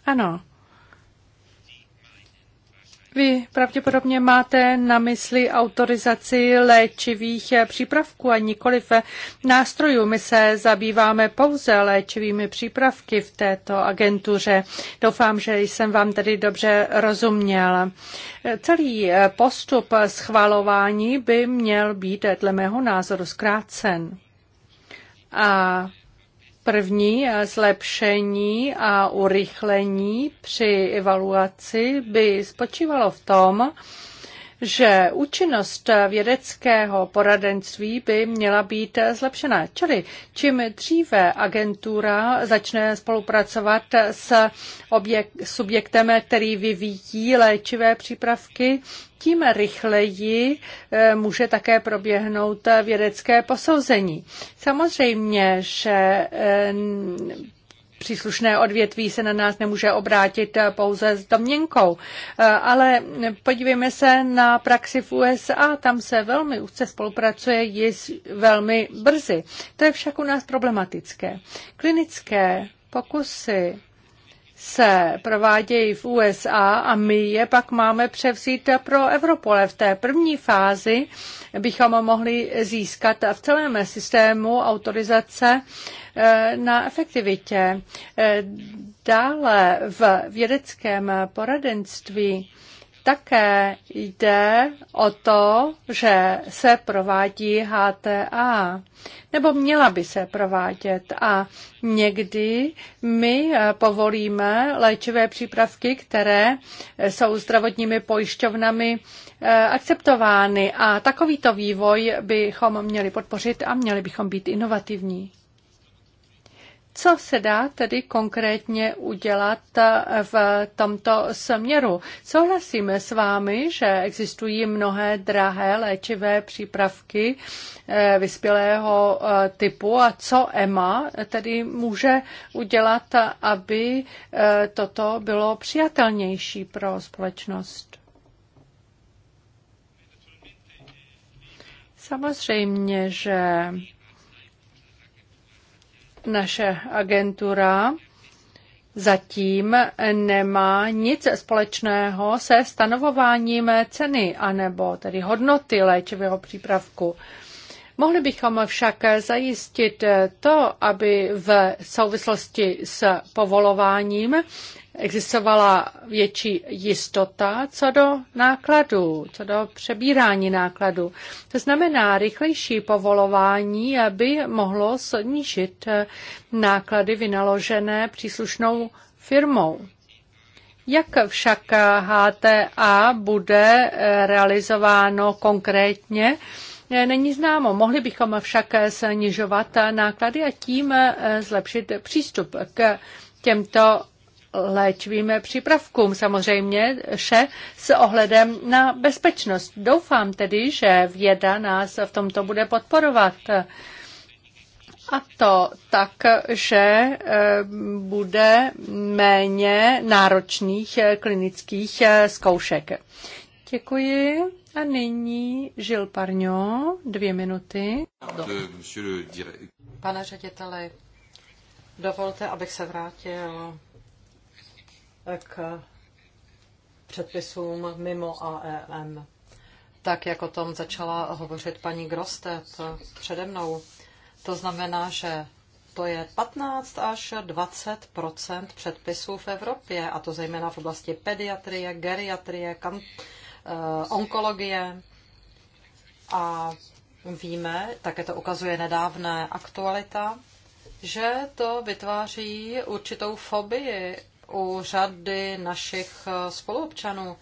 Ano. Vy pravděpodobně máte na mysli autorizaci léčivých eh, přípravků a nikoliv eh, nástrojů. My se zabýváme pouze léčivými přípravky v této agentuře. Doufám, že jsem vám tedy dobře rozuměl. Eh, celý postup schvalování by měl být dle mého názoru zkrácen. A První zlepšení a urychlení při evaluaci by spočívalo v tom, že účinnost vědeckého poradenství by měla být zlepšena. Čili čím dříve agentura začne spolupracovat s objek- subjektem, který vyvíjí léčivé přípravky, tím rychleji eh, může také proběhnout vědecké posouzení. Samozřejmě, že eh, příslušné odvětví se na nás nemůže obrátit eh, pouze s domněnkou. Eh, ale podívejme se na praxi v USA, tam se velmi úzce spolupracuje již velmi brzy. To je však u nás problematické. Klinické pokusy se provádějí v USA a my je pak máme převzít pro Evropu. v té první fázi bychom mohli získat v celém systému autorizace eh, na efektivitě. Eh, dále v vědeckém poradenství také jde o to, že se provádí HTA, nebo měla by se provádět. A někdy my eh, povolíme léčivé přípravky, které jsou zdravotními pojišťovnami eh, akceptovány. A takovýto vývoj bychom měli podpořit a měli bychom být inovativní. Co se dá tedy konkrétně udělat eh, v tomto směru? Souhlasíme s vámi, že existují mnohé drahé léčivé přípravky eh, vyspělého eh, typu a co EMA tedy může udělat, aby toto bylo přijatelnější pro společnost? Samozřejmě, že naše agentura zatím nemá nic společného se stanovováním ceny anebo tedy hodnoty léčivého přípravku. Mohli bychom však zajistit to, aby v souvislosti s povolováním existovala větší jistota co do nákladů, co do přebírání nákladů. To znamená, rychlejší povolování aby mohlo snížit eh, náklady vynaložené příslušnou firmou. Jak však HTA bude eh, realizováno konkrétně, eh, není známo. Mohli bychom však snižovat náklady a tím zlepšit přístup k těmto léčivým přípravkům, samozřejmě vše s ohledem na bezpečnost. Doufám tedy, že věda nás v tomto bude podporovat. A to tak, že eh, bude méně náročných eh, klinických eh, zkoušek. Děkuji. A nyní Žil Parňo, dvě minuty.
Pane ředitele, dovolte, abych se vrátil k předpisům mimo AEM. Tak, jak o tom začala hovořit paní Grostet přede mnou, to znamená, že to je 15 až 20 předpisů v Evropě, a to zejména v oblasti pediatrie, geriatrie, kam, eh, onkologie. A víme, také to ukazuje nedávné aktualita, že to vytváří určitou fobii u řady našich eh, spoluobčanů.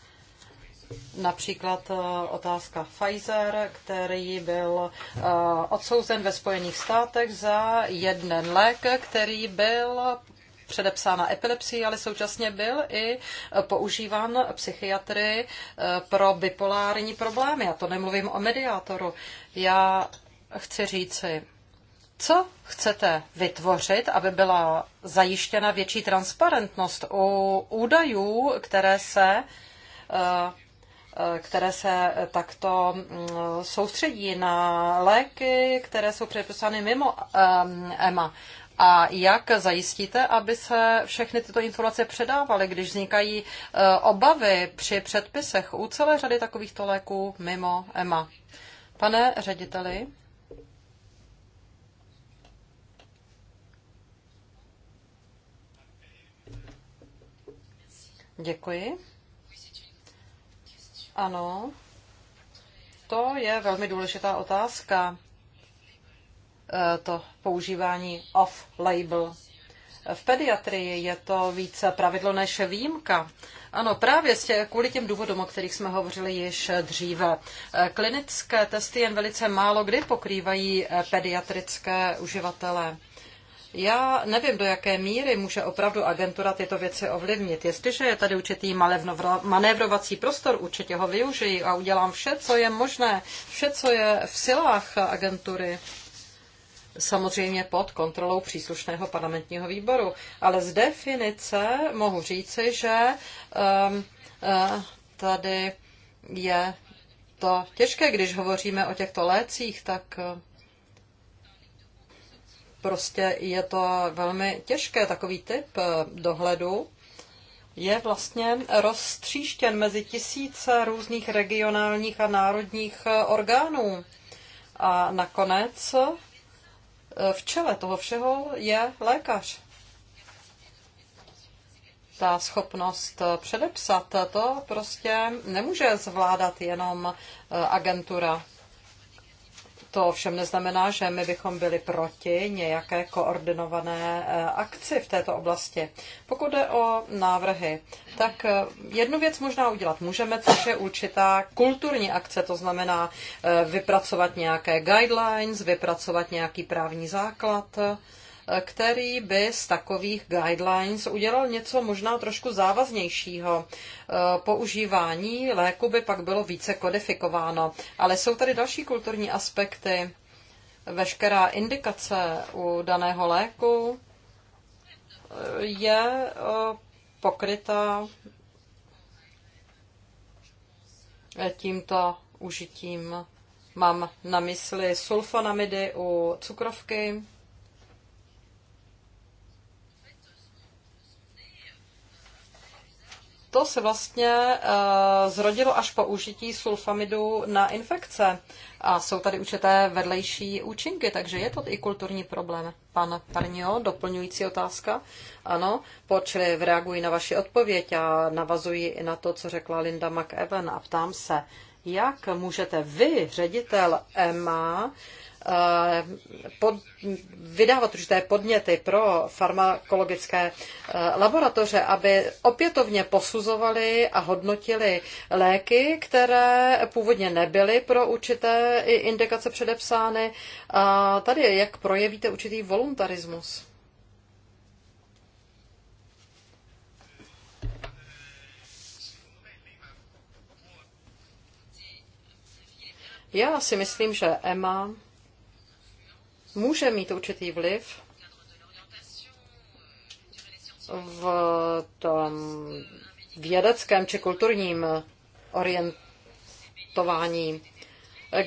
Například eh, otázka Pfizer, který byl eh, odsouzen ve Spojených státech za jeden lék, který byl předepsána epilepsii, ale současně byl i používán psychiatry pro bipolární problémy. A to nemluvím o mediátoru. Já chci říci, co chcete vytvořit, aby byla zajištěna větší transparentnost u údajů, které se eh, eh, které se takto mm, soustředí na léky, které jsou předpisány mimo eh, EMA. A jak zajistíte, aby se všechny tyto informace předávaly, když vznikají obavy při předpisech u celé řady takovýchto léků mimo EMA? Pane řediteli, Děkuji. Ano, to je velmi důležitá otázka, eh, to používání off-label. V pediatrii je to více pravidlo než výjimka. Ano, právě tě, kvůli těm důvodům, o kterých jsme hovořili již dříve. Eh, klinické testy jen velice málo kdy pokrývají eh, pediatrické uživatele. Já nevím, do jaké míry může opravdu agentura tyto věci ovlivnit. Jestliže je tady určitý manévrovací prostor, určitě ho využiji a udělám vše, co je možné, vše, co je v silách agentury. Samozřejmě pod kontrolou příslušného parlamentního výboru. Ale z definice mohu říci, že um, uh, tady je to těžké, když hovoříme o těchto lécích, tak uh, prostě je to velmi těžké. Takový typ eh, dohledu je vlastně roztříštěn mezi tisíce různých regionálních a národních eh, orgánů. A nakonec eh, v čele toho všeho je lékař. Ta schopnost předepsat to prostě nemůže zvládat jenom agentura to ovšem neznamená, že my bychom byli proti nějaké koordinované eh, akci v této oblasti. Pokud jde o návrhy, tak eh, jednu věc možná udělat můžeme, což je určitá kulturní akce, to znamená eh, vypracovat nějaké guidelines, vypracovat nějaký právní základ, který by z takových guidelines udělal něco možná trošku závaznějšího. E, používání léku by pak bylo více kodifikováno. Ale jsou tady další kulturní aspekty. Veškerá indikace u daného léku e, je e, pokryta tímto užitím. Mám na mysli sulfonamidy u cukrovky, to se vlastně eh, zrodilo až po užití sulfamidu na infekce. A jsou tady určité vedlejší účinky, takže je to i kulturní problém. Pan Parnio, doplňující otázka? Ano, počli reaguji na vaši odpověď a navazuji i na to, co řekla Linda McEwen a ptám se, jak můžete vy, ředitel EMA, Eh, pod, vydávat určité podněty pro farmakologické eh, laboratoře, aby opětovně posuzovali a hodnotili léky, které původně nebyly pro určité indikace předepsány. A tady jak projevíte určitý voluntarismus? Já si myslím, že Emma může mít určitý vliv v tom vědeckém či kulturním orientování.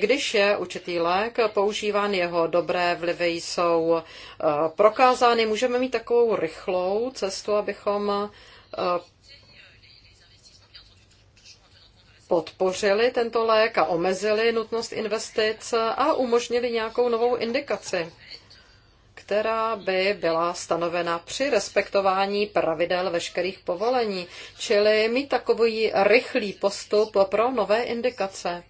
Když je určitý lék používán, jeho dobré vlivy jsou eh, prokázány, můžeme mít takovou rychlou cestu, abychom eh, podpořili tento lék a omezili nutnost investic a umožnili nějakou novou indikaci, která by byla stanovena při respektování pravidel veškerých povolení, čili mít takový rychlý postup pro nové indikace.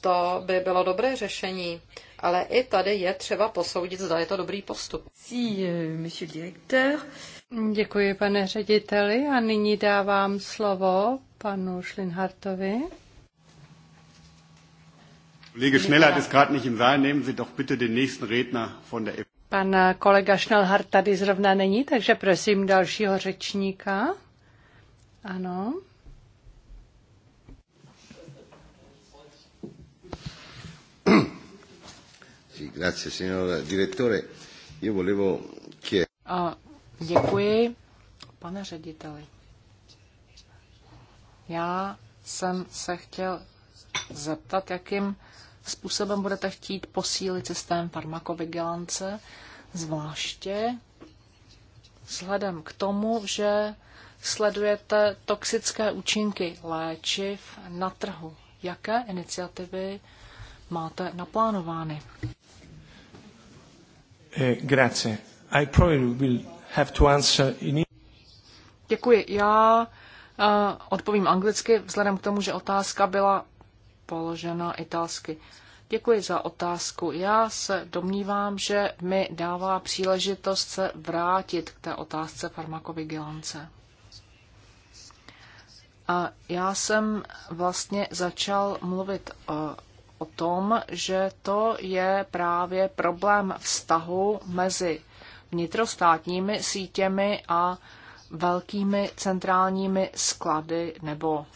To by bylo dobré řešení, ale i tady je třeba posoudit, zda je to dobrý postup. Euh, monsieur
Děkuji, pane řediteli, a nyní dávám slovo panu Schlinhartovi.
Kollege Schnellhardt ist gerade nicht im Saal. Nehmen Sie doch bitte den nächsten Redner von der
Pan kolega Schnellhardt tady zrovna není, takže prosím dalšího řečníka. Ano. Sì, grazie
signor direttore. Io volevo chiedere.
Děkuji, pane řediteli. Já jsem se chtěl zeptat, jakým způsobem budete chtít posílit systém farmakovigilance, zvláště vzhledem k tomu, že sledujete toxické účinky léčiv na trhu. Jaké iniciativy máte naplánovány? Eh, Děkuji. Já Odpovím anglicky, vzhledem k tomu, že otázka byla položena italsky. Děkuji za otázku. Já se domnívám, že mi dává příležitost se vrátit k té otázce farmakovigilance. A já jsem vlastně začal mluvit e, o tom, že to je právě problém vztahu mezi vnitrostátními sítěmi a velkými centrálními sklady nebo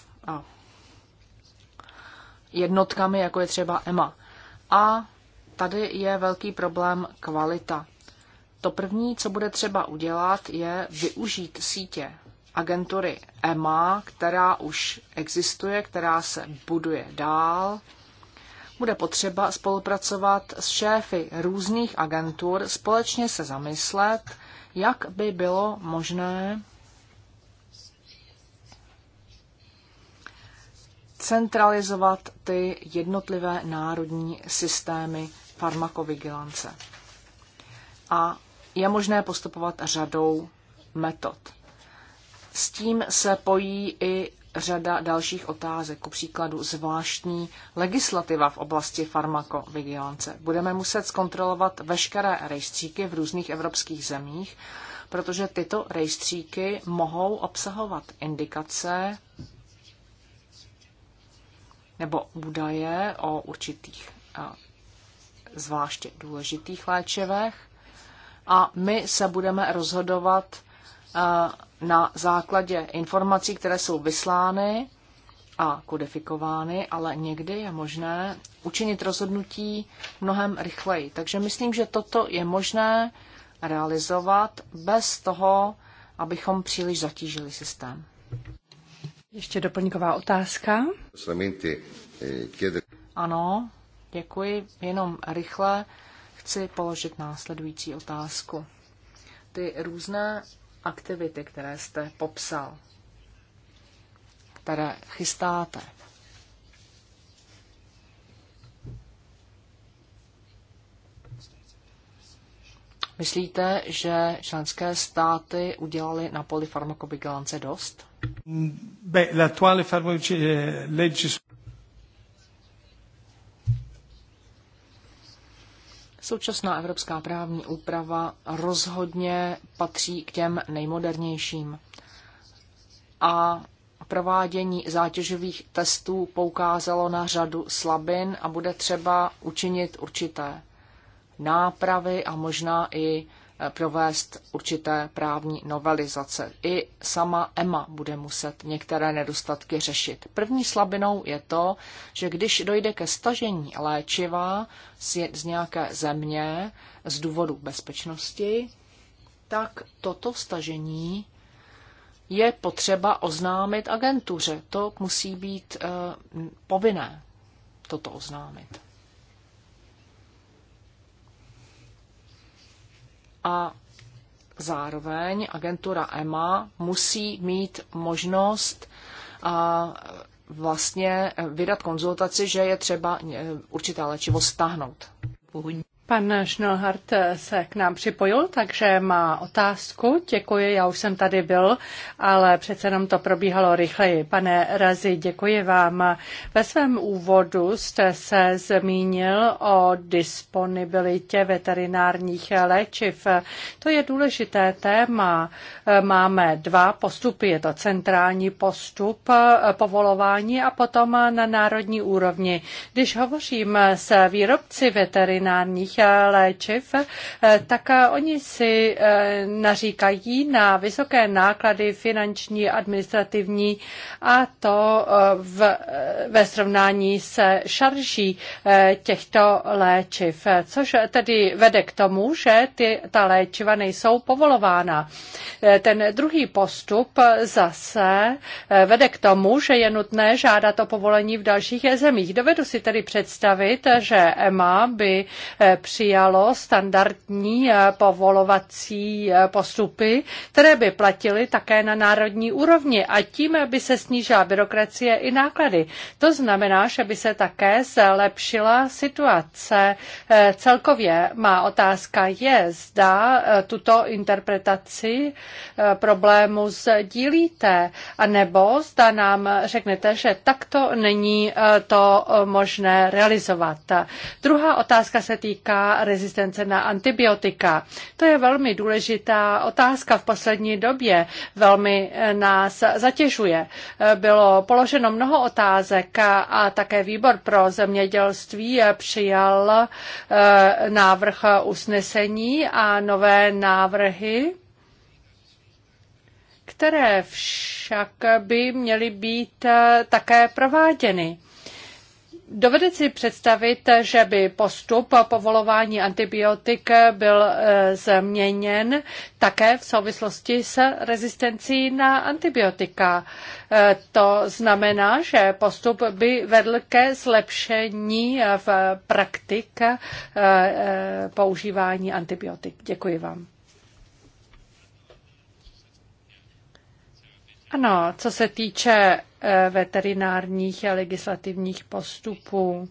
jednotkami, jako je třeba EMA. A tady je velký problém kvalita. To první, co bude třeba udělat, je využít sítě agentury EMA, která už existuje, která se buduje dál. Bude potřeba spolupracovat s šéfy různých agentur, společně se zamyslet, jak by bylo možné centralizovat ty jednotlivé národní systémy farmakovigilance. A je možné postupovat řadou metod. S tím se pojí i řada dalších otázek, ku příkladu zvláštní legislativa v oblasti farmakovigilance. Budeme muset zkontrolovat veškeré rejstříky v různých evropských zemích, protože tyto rejstříky mohou obsahovat indikace nebo údaje o určitých zvláště důležitých léčivech a my se budeme rozhodovat na základě informací, které jsou vyslány a kodifikovány, ale někdy je možné učinit rozhodnutí mnohem rychleji. Takže myslím, že toto je možné realizovat bez toho, abychom příliš zatížili systém. Ještě doplňková otázka.
Eh,
ano, děkuji. Jenom rychle chci položit následující otázku. Ty různé aktivity, které jste popsal, které chystáte. Myslíte, že členské státy udělali na poli farmakovigilance dost? Beh, Současná evropská právní úprava rozhodně patří k těm nejmodernějším. A provádění zátěžových testů poukázalo na řadu slabin a bude třeba učinit určité nápravy a možná i provést určité právní novelizace. I sama EMA bude muset některé nedostatky řešit. První slabinou je to, že když dojde ke stažení léčiva z nějaké země z důvodu bezpečnosti, tak toto stažení je potřeba oznámit agentuře. To musí být e, povinné, toto oznámit. a zároveň agentura EMA musí mít možnost a vlastně eh, vydat konzultaci, že je třeba eh, určité léčivo stáhnout. Pan
Schnellhardt se k nám připojil, takže má otázku. Děkuji, já už jsem tady byl, ale přece jenom to probíhalo rychleji. Pane Razi, děkuji vám. Ve svém úvodu jste se zmínil o disponibilitě veterinárních léčiv. To je důležité téma. Máme dva postupy. Je to centrální postup povolování a potom na národní úrovni. Když hovořím se výrobci veterinárních léčiv, tak oni si eh, naříkají na vysoké náklady finanční, administrativní a to eh, v, eh, ve srovnání se šarží těchto léčiv, což tedy vede k tomu, že ty, ta léčiva nejsou povolována. Ten druhý postup zase vede k tomu, že je nutné žádat o povolení v dalších zemích. Dovedu si tedy představit, že EMA by přijalo standardní eh, povolovací eh, postupy, které by platily také na národní úrovni a tím by se snížila byrokracie i náklady. To znamená, že by se také zlepšila situace. Eh, celkově má otázka je, zda tuto interpretaci problému sdílíte, anebo zda nám řeknete, že takto není to možné realizovat. Druhá otázka se týká rezistence na antibiotika. To je velmi důležitá otázka v poslední době. Velmi eh, nás zatěžuje. Eh, bylo položeno mnoho otázek a také výbor pro zemědělství eh, přijal návrh usnesení a nové návrhy které však by měly být také prováděny. Dovedete si představit, že by postup povolování antibiotik byl eh, změněn také v souvislosti s rezistencí na antibiotika. Eh, to znamená, že postup by vedl ke zlepšení eh, v praktik používání antibiotik. Děkuji vám. Ano, co se týče eh, veterinárních a legislativních postupů,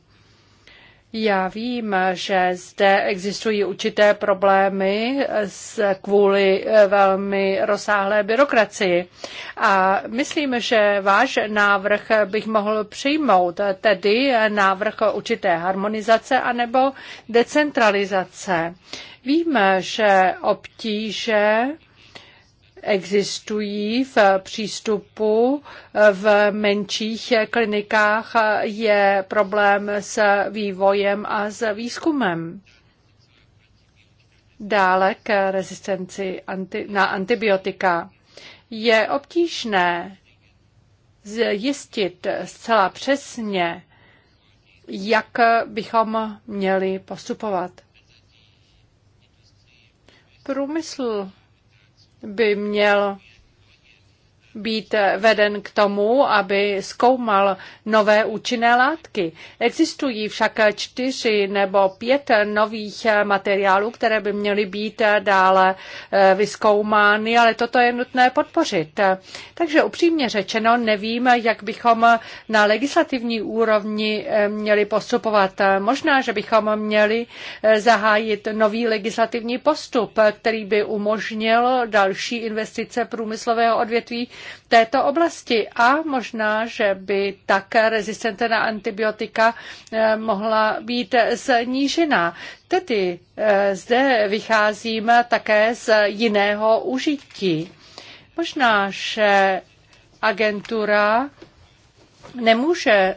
já vím, že zde existují určité problémy kvůli eh, velmi rozsáhlé byrokracii. A myslím, že váš návrh bych mohl přijmout, tedy návrh určité harmonizace anebo decentralizace. Víme, že obtíže existují v přístupu v menších klinikách, je problém s vývojem a s výzkumem. Dále k rezistenci anti, na antibiotika. Je obtížné zjistit zcela přesně, jak bychom měli postupovat. Průmysl by měl být eh, veden k tomu, aby zkoumal nové účinné látky. Existují však čtyři nebo pět nových eh, materiálů, které by měly být eh, dále vyskoumány, ale toto je nutné podpořit. Takže upřímně řečeno, nevím, jak bychom na legislativní úrovni měli postupovat. Možná, že bychom měli zahájit nový legislativní postup, který by umožnil další investice průmyslového odvětví této oblasti a možná, že by také rezistence na antibiotika eh, mohla být znížená. Tedy eh, zde vycházím také z jiného užití. Možná, že agentura nemůže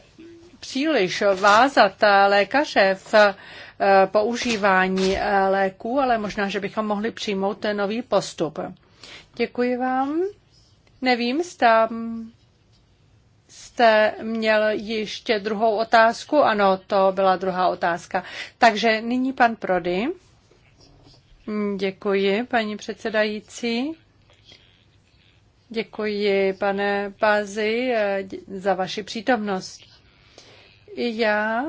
příliš vázat lékaře v eh, používání léků, ale možná, že bychom mohli přijmout ten nový postup. Děkuji vám. Nevím, zda jste měl ještě druhou otázku. Ano, to byla druhá otázka. Takže nyní pan Prody. Děkuji, paní předsedající. Děkuji, pane Pázy za vaši přítomnost. já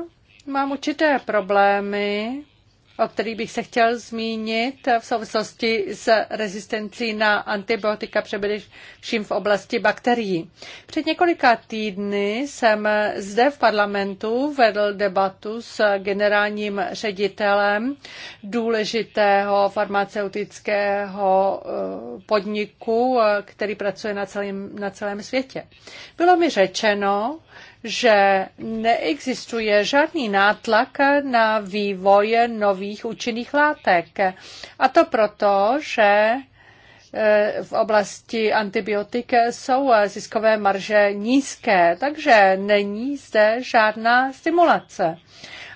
mám určité problémy o který bych se chtěl zmínit v souvislosti s rezistencí na antibiotika především v oblasti bakterií. Před několika týdny jsem zde v parlamentu vedl debatu s generálním ředitelem důležitého farmaceutického eh, podniku, eh, který pracuje na celém, na celém světě. Bylo mi řečeno, že neexistuje žádný nátlak na vývoj nových účinných látek. A to proto, že e, v oblasti antibiotik jsou ziskové marže nízké, takže není zde žádná stimulace.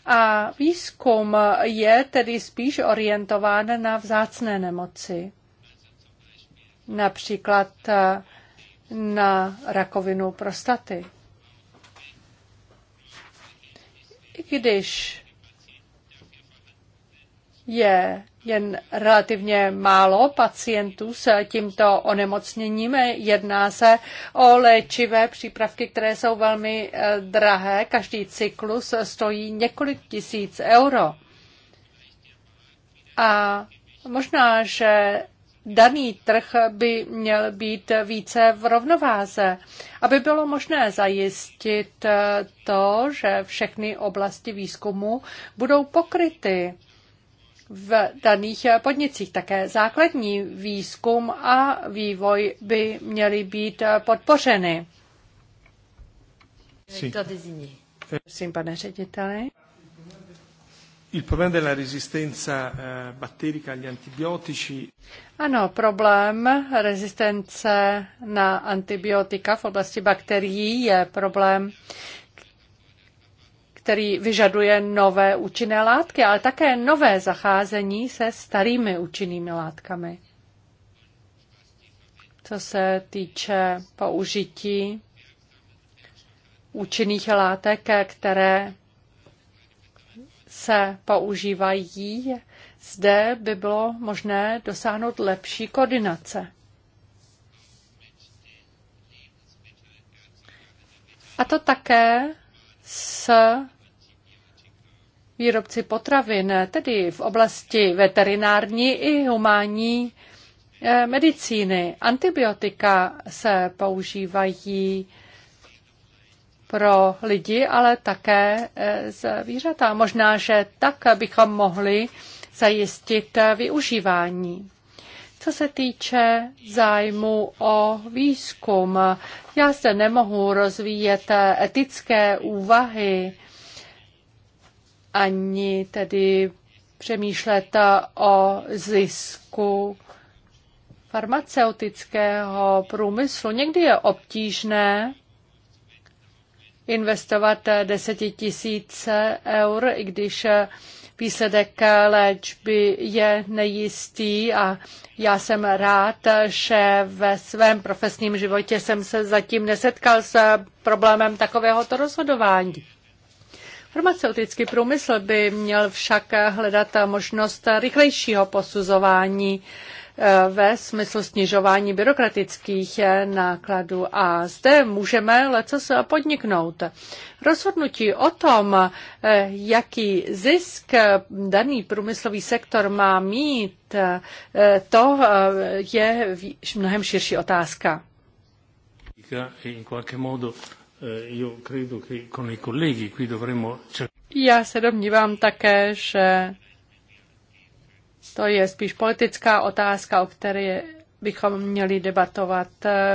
A výzkum je tedy spíš orientován na vzácné nemoci, například e, na rakovinu prostaty. i když je jen relativně málo pacientů s tímto onemocněním. Jedná se o léčivé přípravky, které jsou velmi eh, drahé. Každý cyklus stojí několik tisíc euro. A možná, že daný trh by měl být více v rovnováze, aby bylo možné zajistit to, že všechny oblasti výzkumu budou pokryty v daných podnicích. Také základní výzkum a vývoj by měly být podpořeny.
Prosím, pane řediteli. Il problema della resistenza eh, batterica agli antibiotici.
Ano, problém rezistence na antibiotika v oblasti bakterií je problém, který vyžaduje nové účinné látky, ale také nové zacházení se starými účinnými látkami. Co se týče použití účinných látek, které se používají, zde by bylo možné dosáhnout lepší koordinace. A to také s výrobci potravin, tedy v oblasti veterinární i humánní eh, medicíny. Antibiotika se používají pro lidi, ale také eh, zvířata. Možná, že tak bychom mohli zajistit eh, využívání. Co se týče zájmu o výzkum, já se nemohu rozvíjet eh, etické úvahy ani tedy přemýšlet o zisku farmaceutického průmyslu. Někdy je obtížné investovat eh, desetitisíce eur, i když eh, výsledek eh, léčby je nejistý a já jsem rád, že ve svém profesním životě jsem se zatím nesetkal s problémem takovéhoto rozhodování. Farmaceutický průmysl by měl však hledat možnost rychlejšího posuzování Eh, ve smyslu snižování byrokratických eh, nákladů a zde můžeme leco se podniknout. Rozhodnutí o tom, eh, jaký zisk daný průmyslový sektor má mít, to je mnohem širší otázka. Já se domnívám také, že to je spíš politická otázka, o které bychom měli debatovat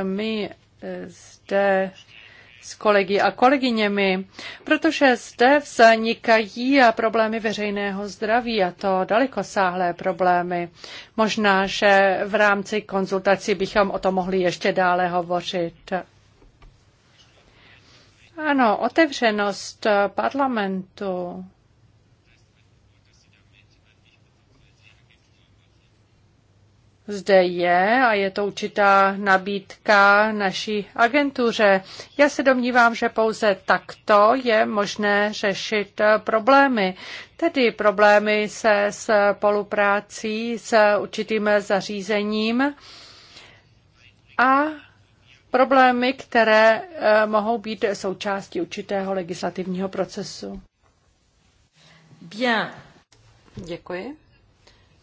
my eh, zde s kolegy a kolegyněmi, protože zde vznikají problémy veřejného zdraví a to dalekosáhlé problémy. Možná, že v rámci konzultací bychom o tom mohli ještě dále hovořit. Ano, otevřenost parlamentu zde je a je to určitá nabídka naší agentuře. Já se domnívám, že pouze takto je možné řešit problémy. Tedy problémy se spoluprácí s určitým zařízením a problémy, které eh, mohou být součástí určitého legislativního procesu.
Bien. Děkuji.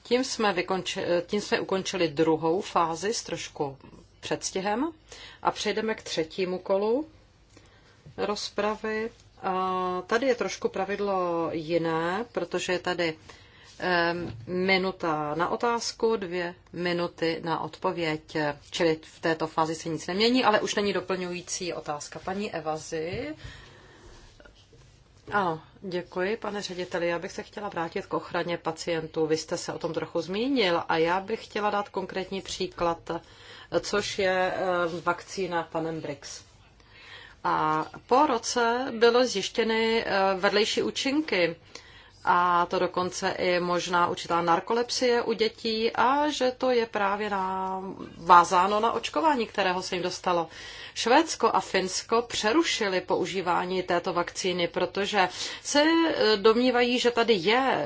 Tím jsme, vykonči, tím jsme ukončili druhou fázi s trošku předstihem a přejdeme k třetímu kolu rozpravy. A tady je trošku pravidlo jiné, protože je tady minuta na otázku, dvě minuty na odpověď. Čili v této fázi se nic nemění, ale už není doplňující otázka. Paní Evazy. Ano, Děkuji, pane řediteli. Já bych se chtěla vrátit k ochraně pacientů. Vy jste se o tom trochu zmínil a já bych chtěla dát konkrétní příklad, což je eh, vakcína panem Brix. A po roce byly zjištěny eh, vedlejší účinky a to dokonce i možná určitá narkolepsie u dětí a že to je právě na, vázáno na očkování, kterého se jim dostalo. Švédsko a Finsko přerušili používání této vakcíny, protože se eh, domnívají, že tady je eh,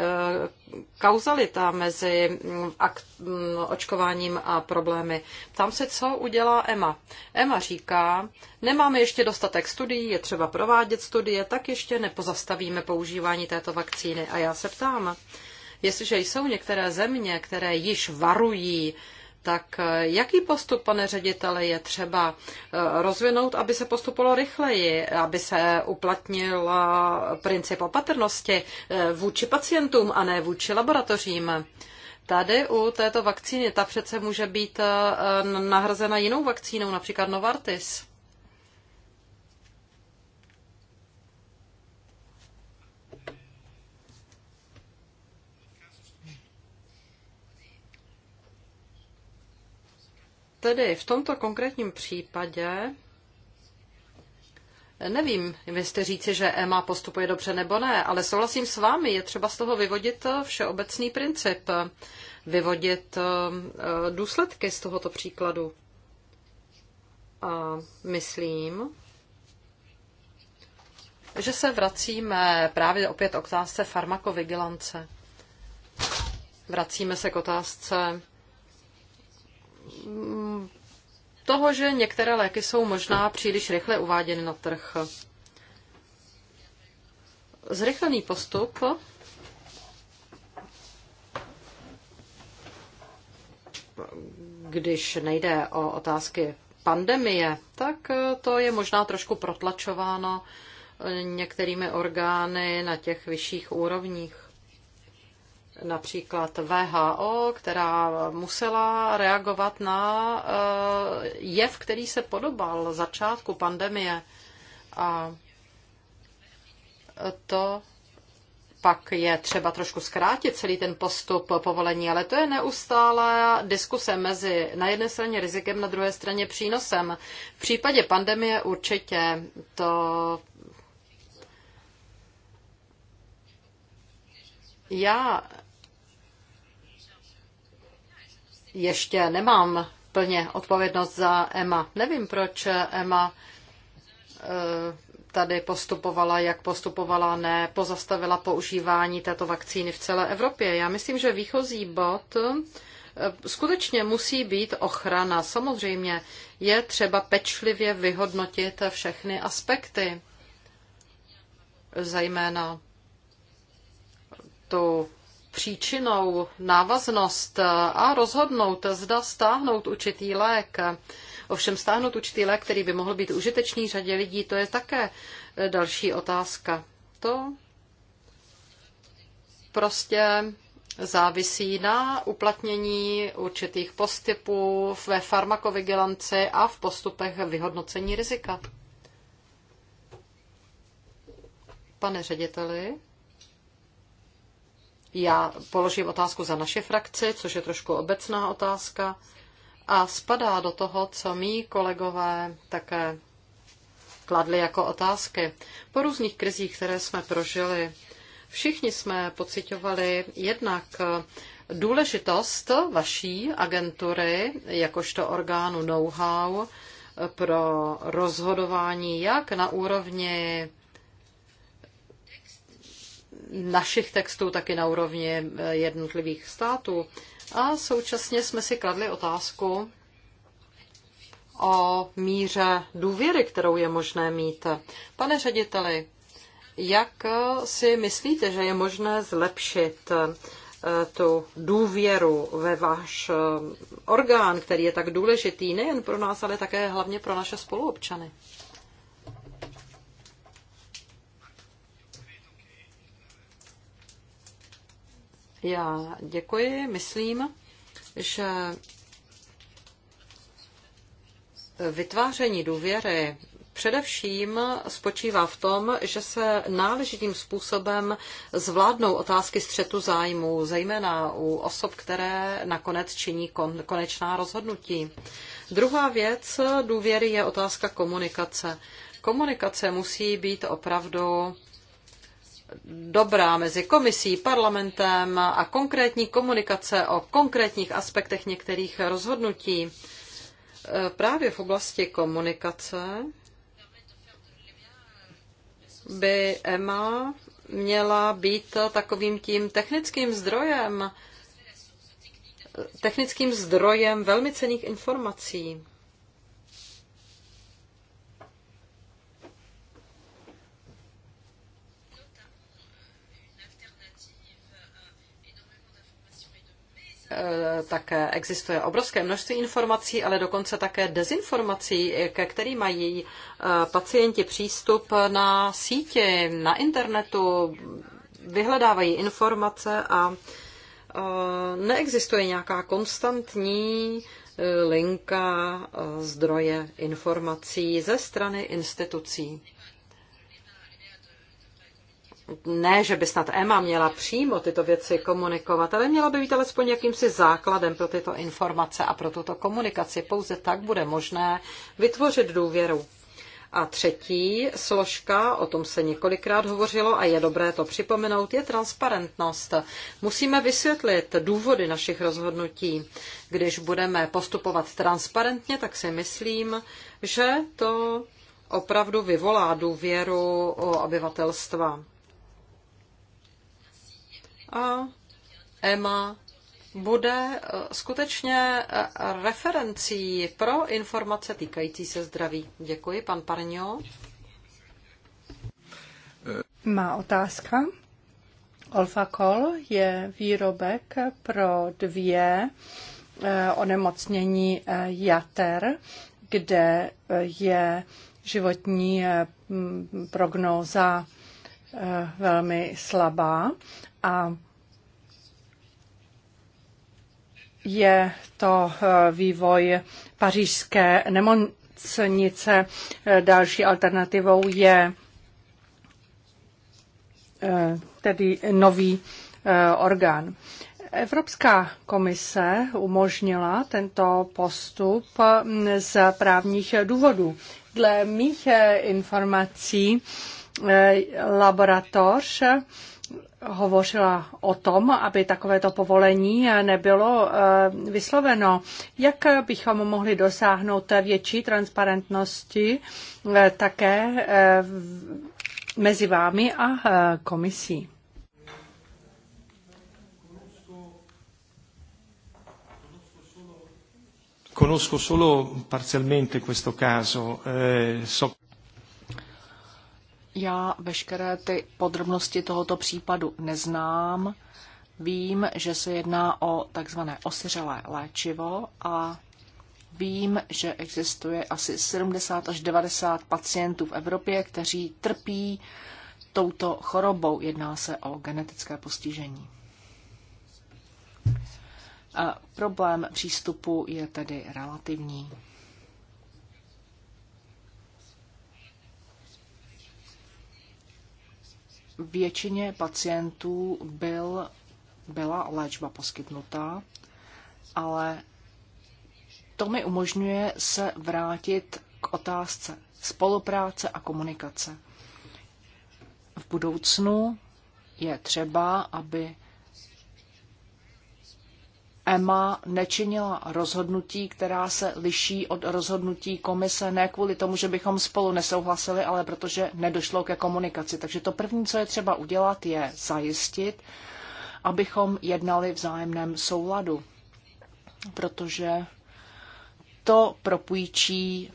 kauzalita mezi mm, mm, očkováním a problémy. Tam se, co udělá EMA. EMA říká, nemáme ještě dostatek studií, je třeba provádět studie, tak ještě nepozastavíme používání této vakcíny. A já se ptám, jestliže jsou některé země, které již varují, tak eh, jaký postup, pane řediteli, je třeba eh, rozvinout, aby se postupovalo rychleji, aby se uplatnil princip opatrnosti eh, vůči pacientům a ne vůči laboratořím? Tady u této vakcíny, ta přece může být nahrazena jinou vakcínou, například Novartis. Tedy v tomto konkrétním případě Nevím, vy jste říci, že EMA postupuje dobře nebo ne, ale souhlasím s vámi, je třeba z toho vyvodit eh, všeobecný princip, vyvodit eh, eh, důsledky z tohoto příkladu. A myslím, že se vracíme právě opět k otázce farmakovigilance. Vracíme se k otázce toho, že některé léky jsou možná příliš rychle uváděny na trh. Zrychlený postup když nejde o otázky pandemie, tak to je možná trošku protlačováno některými orgány na těch vyšších úrovních například VHO, která musela reagovat na eh, jev, který se podobal začátku pandemie. A to pak je třeba trošku zkrátit celý ten postup povolení, ale to je neustálá diskuse mezi na jedné straně rizikem, na druhé straně přínosem. V případě pandemie určitě to já ještě nemám plně odpovědnost za EMA. Nevím, proč EMA e, tady postupovala, jak postupovala, ne, pozastavila používání této vakcíny v celé Evropě. Já myslím, že výchozí bod e, skutečně musí být ochrana. Samozřejmě je třeba pečlivě vyhodnotit všechny aspekty, zejména tu příčinou, návaznost a rozhodnout, zda stáhnout určitý lék. Ovšem stáhnout určitý lék, který by mohl být užitečný řadě lidí, to je také e, další otázka. To prostě závisí na uplatnění určitých postupů ve farmakovigilanci a v postupech vyhodnocení rizika. Pane řediteli, já položím otázku za naše frakci, což je trošku obecná otázka a spadá do toho, co mý kolegové také kladli jako otázky. Po různých krizích, které jsme prožili, všichni jsme pocitovali jednak důležitost vaší agentury jakožto orgánu know-how pro rozhodování jak na úrovni našich textů, tak i na úrovni eh, jednotlivých států. A současně jsme si kladli otázku o míře důvěry, kterou je možné mít. Pane řediteli, jak eh, si myslíte, že je možné zlepšit eh, tu důvěru ve váš orgán, který je tak důležitý nejen pro nás, ale také hlavně pro naše spoluobčany? Já děkuji, myslím, že vytváření důvěry především spočívá v tom, že se náležitým způsobem zvládnou otázky střetu zájmů, zejména u osob, které nakonec činí kon, konečná rozhodnutí. Druhá věc důvěry je otázka komunikace. Komunikace musí být opravdu dobrá mezi komisí, parlamentem a konkrétní komunikace o konkrétních aspektech některých rozhodnutí e, právě v oblasti komunikace by EMA měla být takovým tím technickým zdrojem, technickým zdrojem velmi cených informací. Eh, také existuje obrovské množství informací, ale dokonce také dezinformací, eh, ke kterým mají eh, pacienti přístup na síti, na internetu, vyhledávají informace a neexistuje nějaká konstantní linka zdroje informací ze strany institucí ne, že by snad EMA měla přímo tyto věci komunikovat, ale měla by být alespoň jakýmsi základem pro tyto informace a pro tuto komunikaci. Pouze tak bude možné vytvořit důvěru. A třetí složka, o tom se několikrát hovořilo a je dobré to připomenout, je transparentnost. Musíme vysvětlit důvody našich rozhodnutí. Když budeme postupovat transparentně, tak si myslím, že to opravdu vyvolá důvěru obyvatelstva a EMA bude eh, skutečně eh, referencí pro informace týkající se zdraví. Děkuji, pan Parňo.
Má otázka. Olfakol je výrobek pro dvě eh, onemocnění jater, kde je životní prognóza Eh, velmi slabá a je to eh, vývoj pařížské nemocnice. Eh, další alternativou je tedy nový orgán. Evropská komise umožnila tento postup mm, z právních důvodů. Dle mých informací Eh, laboratoř hovořila o tom, aby takovéto povolení nebylo eh, vysloveno. Jak bychom mohli dosáhnout větší transparentnosti eh, také mezi vámi a komisí?
Conosco solo parzialmente questo caso. Eh, so...
Já veškeré ty podrobnosti tohoto případu neznám. Vím, že se jedná o takzvané osyřelé léčivo a vím, že existuje asi 70 až 90 pacientů v Evropě, kteří trpí touto chorobou. Jedná se o genetické postižení. A problém přístupu je tedy relativní. většině pacientů byl, byla léčba poskytnutá, ale to mi umožňuje se vrátit k otázce spolupráce a komunikace. V budoucnu je třeba, aby EMA nečinila rozhodnutí, která se liší od rozhodnutí komise, ne kvůli tomu, že bychom spolu nesouhlasili, ale protože nedošlo ke komunikaci. Takže to první, co je třeba udělat, je zajistit, abychom jednali v zájemném souladu, protože to propůjčí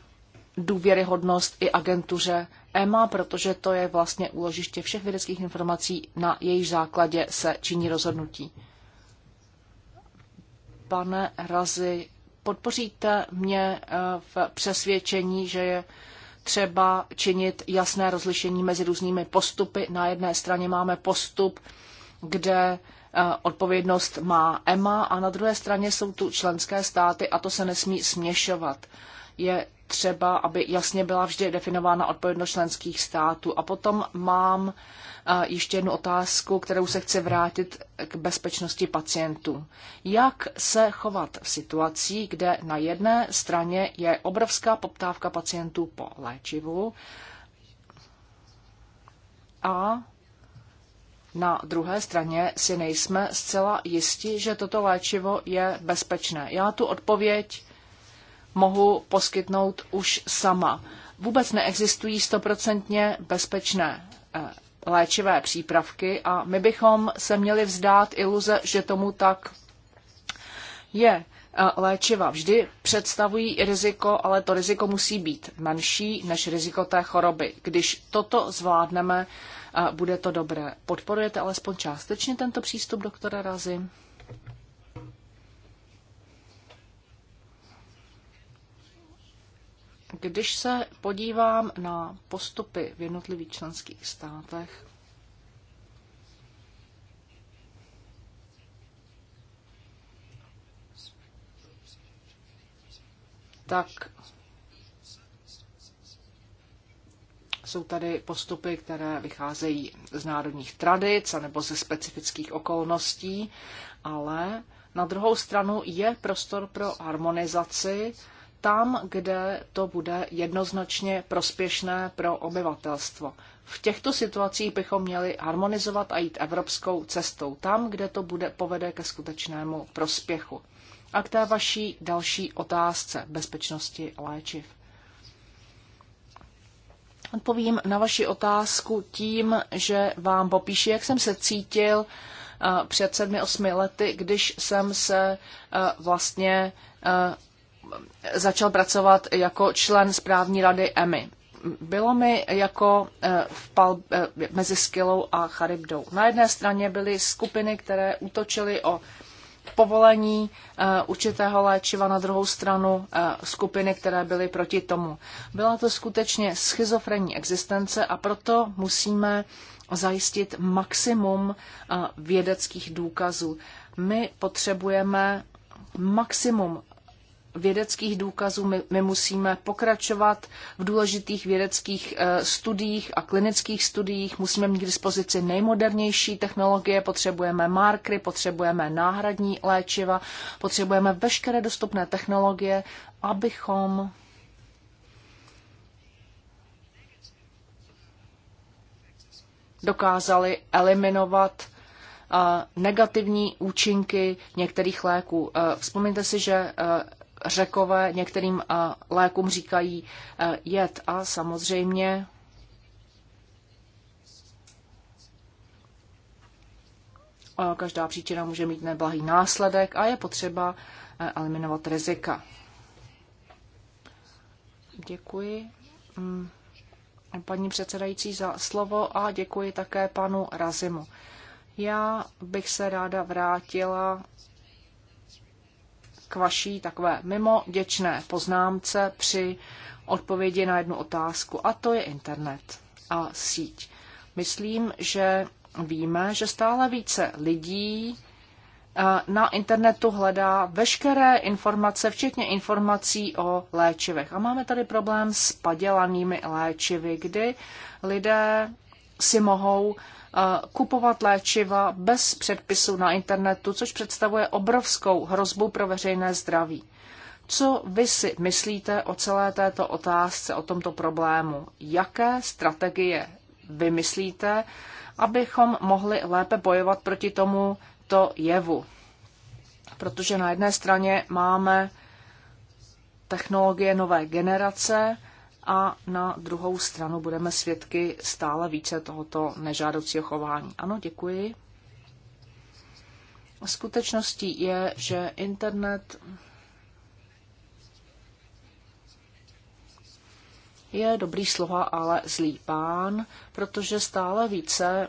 důvěryhodnost i agentuře EMA, protože to je vlastně úložiště všech vědeckých informací, na jejich základě se činí rozhodnutí pane Razi, podpoříte mě eh, v přesvědčení, že je třeba činit jasné rozlišení mezi různými postupy. Na jedné straně máme postup, kde eh, odpovědnost má EMA a na druhé straně jsou tu členské státy a to se nesmí směšovat. Je třeba, aby jasně byla vždy definována odpovědnost členských států. A potom mám a ještě jednu otázku, kterou se chci vrátit k bezpečnosti pacientů. Jak se chovat v situaci, kde na jedné straně je obrovská poptávka pacientů po léčivu a na druhé straně si nejsme zcela jisti, že toto léčivo je bezpečné. Já tu odpověď mohu poskytnout už sama. Vůbec neexistují stoprocentně bezpečné eh, léčivé přípravky a my bychom se měli vzdát iluze, že tomu tak je. E, léčiva vždy představují riziko, ale to riziko musí být menší než riziko té choroby. Když toto zvládneme, e, bude to dobré. Podporujete alespoň částečně tento přístup, doktore Razy? Když se podívám na postupy v jednotlivých členských státech, tak jsou tady postupy, které vycházejí z národních tradic nebo ze specifických okolností, ale na druhou stranu je prostor pro harmonizaci tam, kde to bude jednoznačně prospěšné pro obyvatelstvo. V těchto situacích bychom měli harmonizovat a jít evropskou cestou, tam, kde to bude povede ke skutečnému prospěchu. A k té vaší další otázce bezpečnosti léčiv. Odpovím na vaši otázku tím, že vám popíši, jak jsem se cítil eh, před sedmi, osmi lety, když jsem se eh, vlastně eh, začal pracovat jako člen správní rady EMI. Bylo mi jako eh, v pal, eh, mezi Skylou a Charybdou. Na jedné straně byly skupiny, které útočily o povolení eh, určitého léčiva, na druhou stranu skupiny, které byly proti tomu. Byla to skutečně schizofrenní existence a proto musíme zajistit maximum vědeckých důkazů. My potřebujeme maximum vědeckých důkazů. My, my musíme pokračovat v důležitých vědeckých eh, studiích a klinických studiích. Musíme mít k dispozici nejmodernější technologie, potřebujeme markry, potřebujeme náhradní léčiva, potřebujeme veškeré dostupné technologie, abychom dokázali eliminovat eh, negativní účinky některých léků. Eh, Vzpomeňte si, že řekové některým eh, lékům říkají eh, jed a samozřejmě eh, každá příčina může mít neblahý následek a je potřeba eliminovat rizika. Děkuji mm, paní předsedající za slovo a děkuji také panu Razimu. Já bych se ráda vrátila k vaší takové mimo děčné poznámce při odpovědi na jednu otázku, a to je internet a síť. Myslím, že víme, že stále více lidí eh, na internetu hledá veškeré informace, včetně informací o léčivech. A máme tady problém s padělanými léčivy, kdy lidé si mohou kupovat léčiva bez předpisu na internetu, což představuje obrovskou hrozbu pro veřejné zdraví. Co vy si myslíte o celé této otázce, o tomto problému? Jaké strategie vymyslíte, abychom mohli lépe bojovat proti tomuto jevu? Protože na jedné straně máme technologie nové generace, a na druhou stranu budeme svědky stále více tohoto nežádoucího chování. Ano, děkuji. Skutečností je, že internet je dobrý slova, ale zlý pán, protože stále více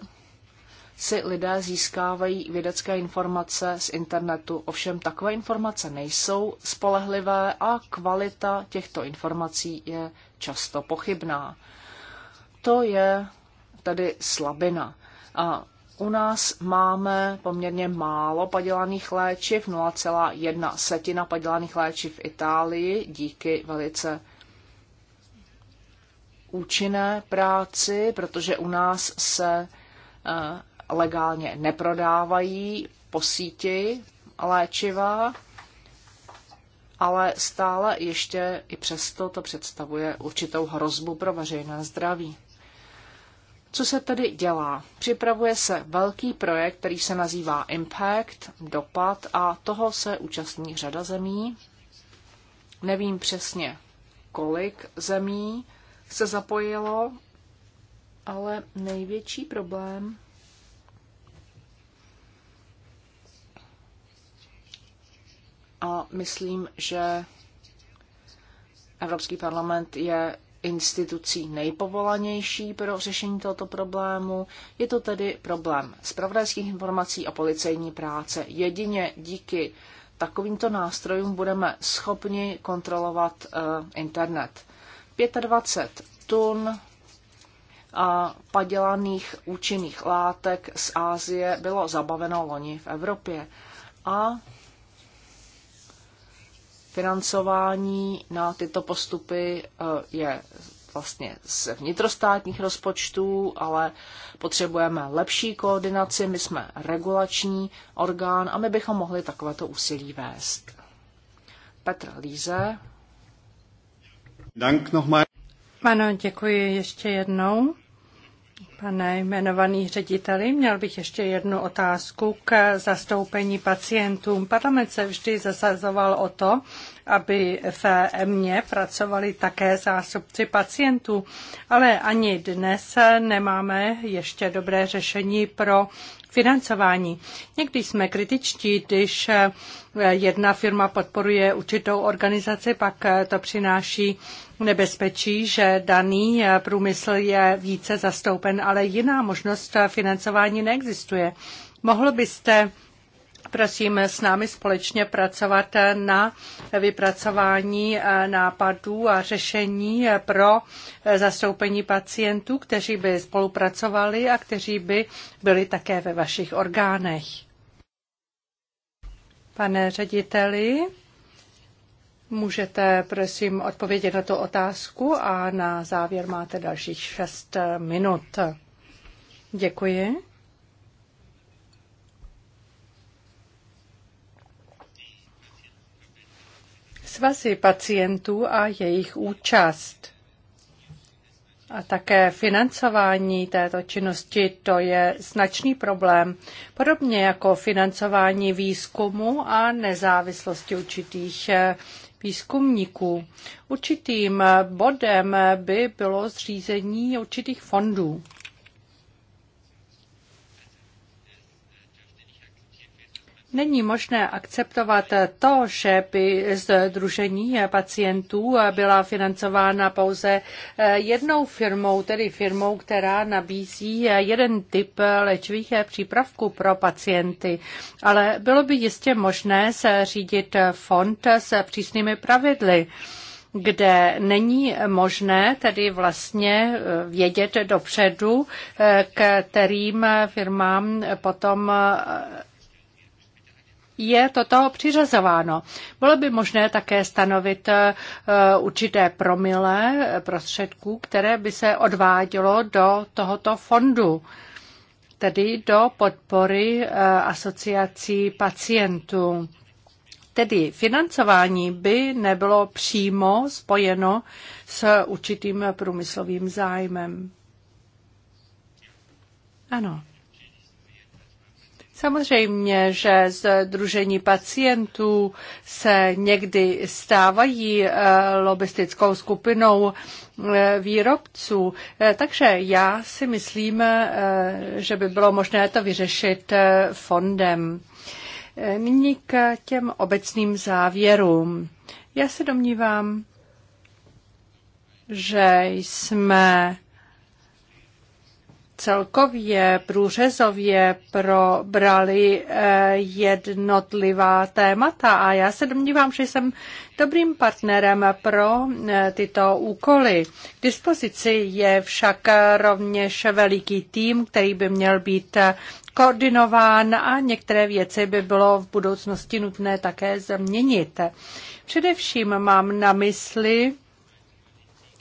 si lidé získávají vědecké informace z internetu, ovšem takové informace nejsou spolehlivé a kvalita těchto informací je často pochybná. To je tedy slabina. A u nás máme poměrně málo padělaných léčiv, 0,1 setina padělaných léčiv v Itálii díky velice účinné práci, protože u nás se eh, legálně neprodávají po síti léčiva, ale stále ještě i přesto to představuje určitou hrozbu pro veřejné zdraví. Co se tedy dělá? Připravuje se velký projekt, který se nazývá Impact, dopad, a toho se účastní řada zemí. Nevím přesně, kolik zemí se zapojilo, ale největší problém A myslím, že Evropský parlament je institucí nejpovolanější pro řešení tohoto problému. Je to tedy problém zpravodajských informací a policejní práce. Jedině díky takovýmto nástrojům budeme schopni kontrolovat uh, internet. 25 tun a padělaných účinných látek z Ázie bylo zabaveno loni v Evropě. A Financování na tyto postupy eh, je vlastně z vnitrostátních rozpočtů, ale potřebujeme lepší koordinaci. My jsme regulační orgán a my bychom mohli takovéto úsilí vést. Petr Líze. Dank nochmal.
Ano, děkuji ještě jednou. Pane jmenovaný řediteli, měl bych ještě jednu otázku k zastoupení pacientům. Parlament se vždy zasazoval o to, aby v EMě pracovali také zástupci pacientů, ale ani dnes nemáme ještě dobré řešení pro financování. Někdy jsme kritičtí, když eh, jedna firma podporuje určitou organizaci, pak eh, to přináší nebezpečí, že daný eh, průmysl je více zastoupen, ale jiná možnost financování neexistuje. Mohl byste prosím s námi společně pracovat na vypracování eh, nápadů a řešení eh, pro eh, zastoupení pacientů, kteří by spolupracovali a kteří by byli také ve vašich orgánech. Pane řediteli, můžete prosím odpovědět na tu otázku a na závěr máte dalších šest minut. Děkuji. svazy pacientů a jejich účast. A také financování této činnosti, to je značný problém, podobně jako financování výzkumu a nezávislosti určitých eh, výzkumníků. Určitým bodem by bylo zřízení určitých fondů. Není možné akceptovat to, že by združení pacientů byla financována pouze eh, jednou firmou, tedy firmou, která nabízí eh, jeden typ léčivých eh, přípravků pro pacienty. Ale bylo by jistě možné se řídit fond s přísnými pravidly kde není možné tedy vlastně vědět dopředu, kterým firmám potom je toto přiřazováno. Bylo by možné také stanovit eh, určité promile prostředků, které by se odvádělo do tohoto fondu tedy do podpory eh, asociací pacientů. Tedy financování by nebylo přímo spojeno s určitým průmyslovým zájmem. Ano. Samozřejmě, že združení pacientů se někdy stávají eh, lobistickou skupinou eh, výrobců, eh, takže já si myslím, že by bylo možné to vyřešit fondem. Nyní k těm obecným závěrům. Já se domnívám, že jsme celkově průřezově probrali eh, jednotlivá témata a já se domnívám, že jsem dobrým partnerem pro eh, tyto úkoly. K dispozici je však rovněž veliký tým, který by měl být eh, koordinován a některé věci by bylo v budoucnosti nutné také změnit. Především mám na mysli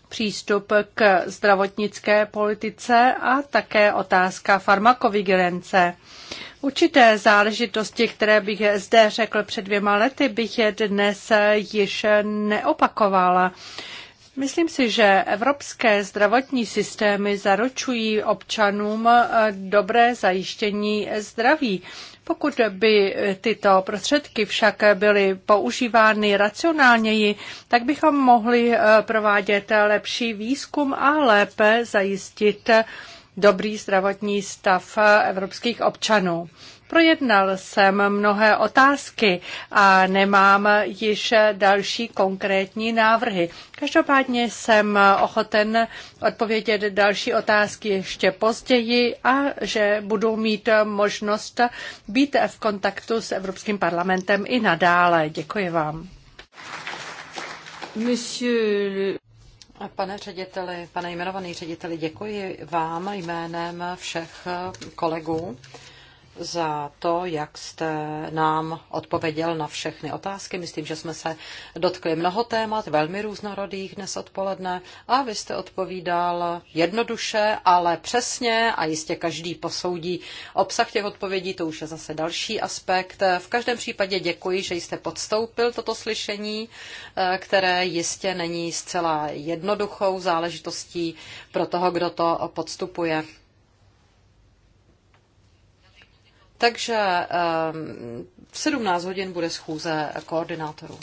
přístup k zdravotnické politice a také otázka farmakovigilence. Určité záležitosti, které bych zde řekl před dvěma lety, bych je dnes již neopakovala. Myslím si, že evropské zdravotní systémy zaručují občanům dobré zajištění zdraví. Pokud by eh, tyto prostředky však byly používány racionálněji, tak bychom mohli eh, provádět lepší výzkum a lépe zajistit dobrý zdravotní stav eh, evropských občanů. Projednal jsem mnohé otázky a nemám již další konkrétní návrhy. Každopádně jsem ochoten odpovědět další otázky ještě později a že budu mít možnost být v kontaktu s Evropským parlamentem i nadále. Děkuji vám.
Monsieur... Pane řediteli, pane jmenovaný řediteli, děkuji vám jménem všech kolegů za to, jak jste nám odpověděl na všechny otázky. Myslím, že jsme se dotkli mnoho témat, velmi různorodých dnes odpoledne a vy jste odpovídal jednoduše, ale přesně a jistě každý posoudí obsah těch odpovědí, to už je zase další aspekt. V každém případě děkuji, že jste podstoupil toto slyšení, které jistě není zcela jednoduchou záležitostí pro toho, kdo to podstupuje. Takže ehm, v 17 hodin bude schůze koordinátorů.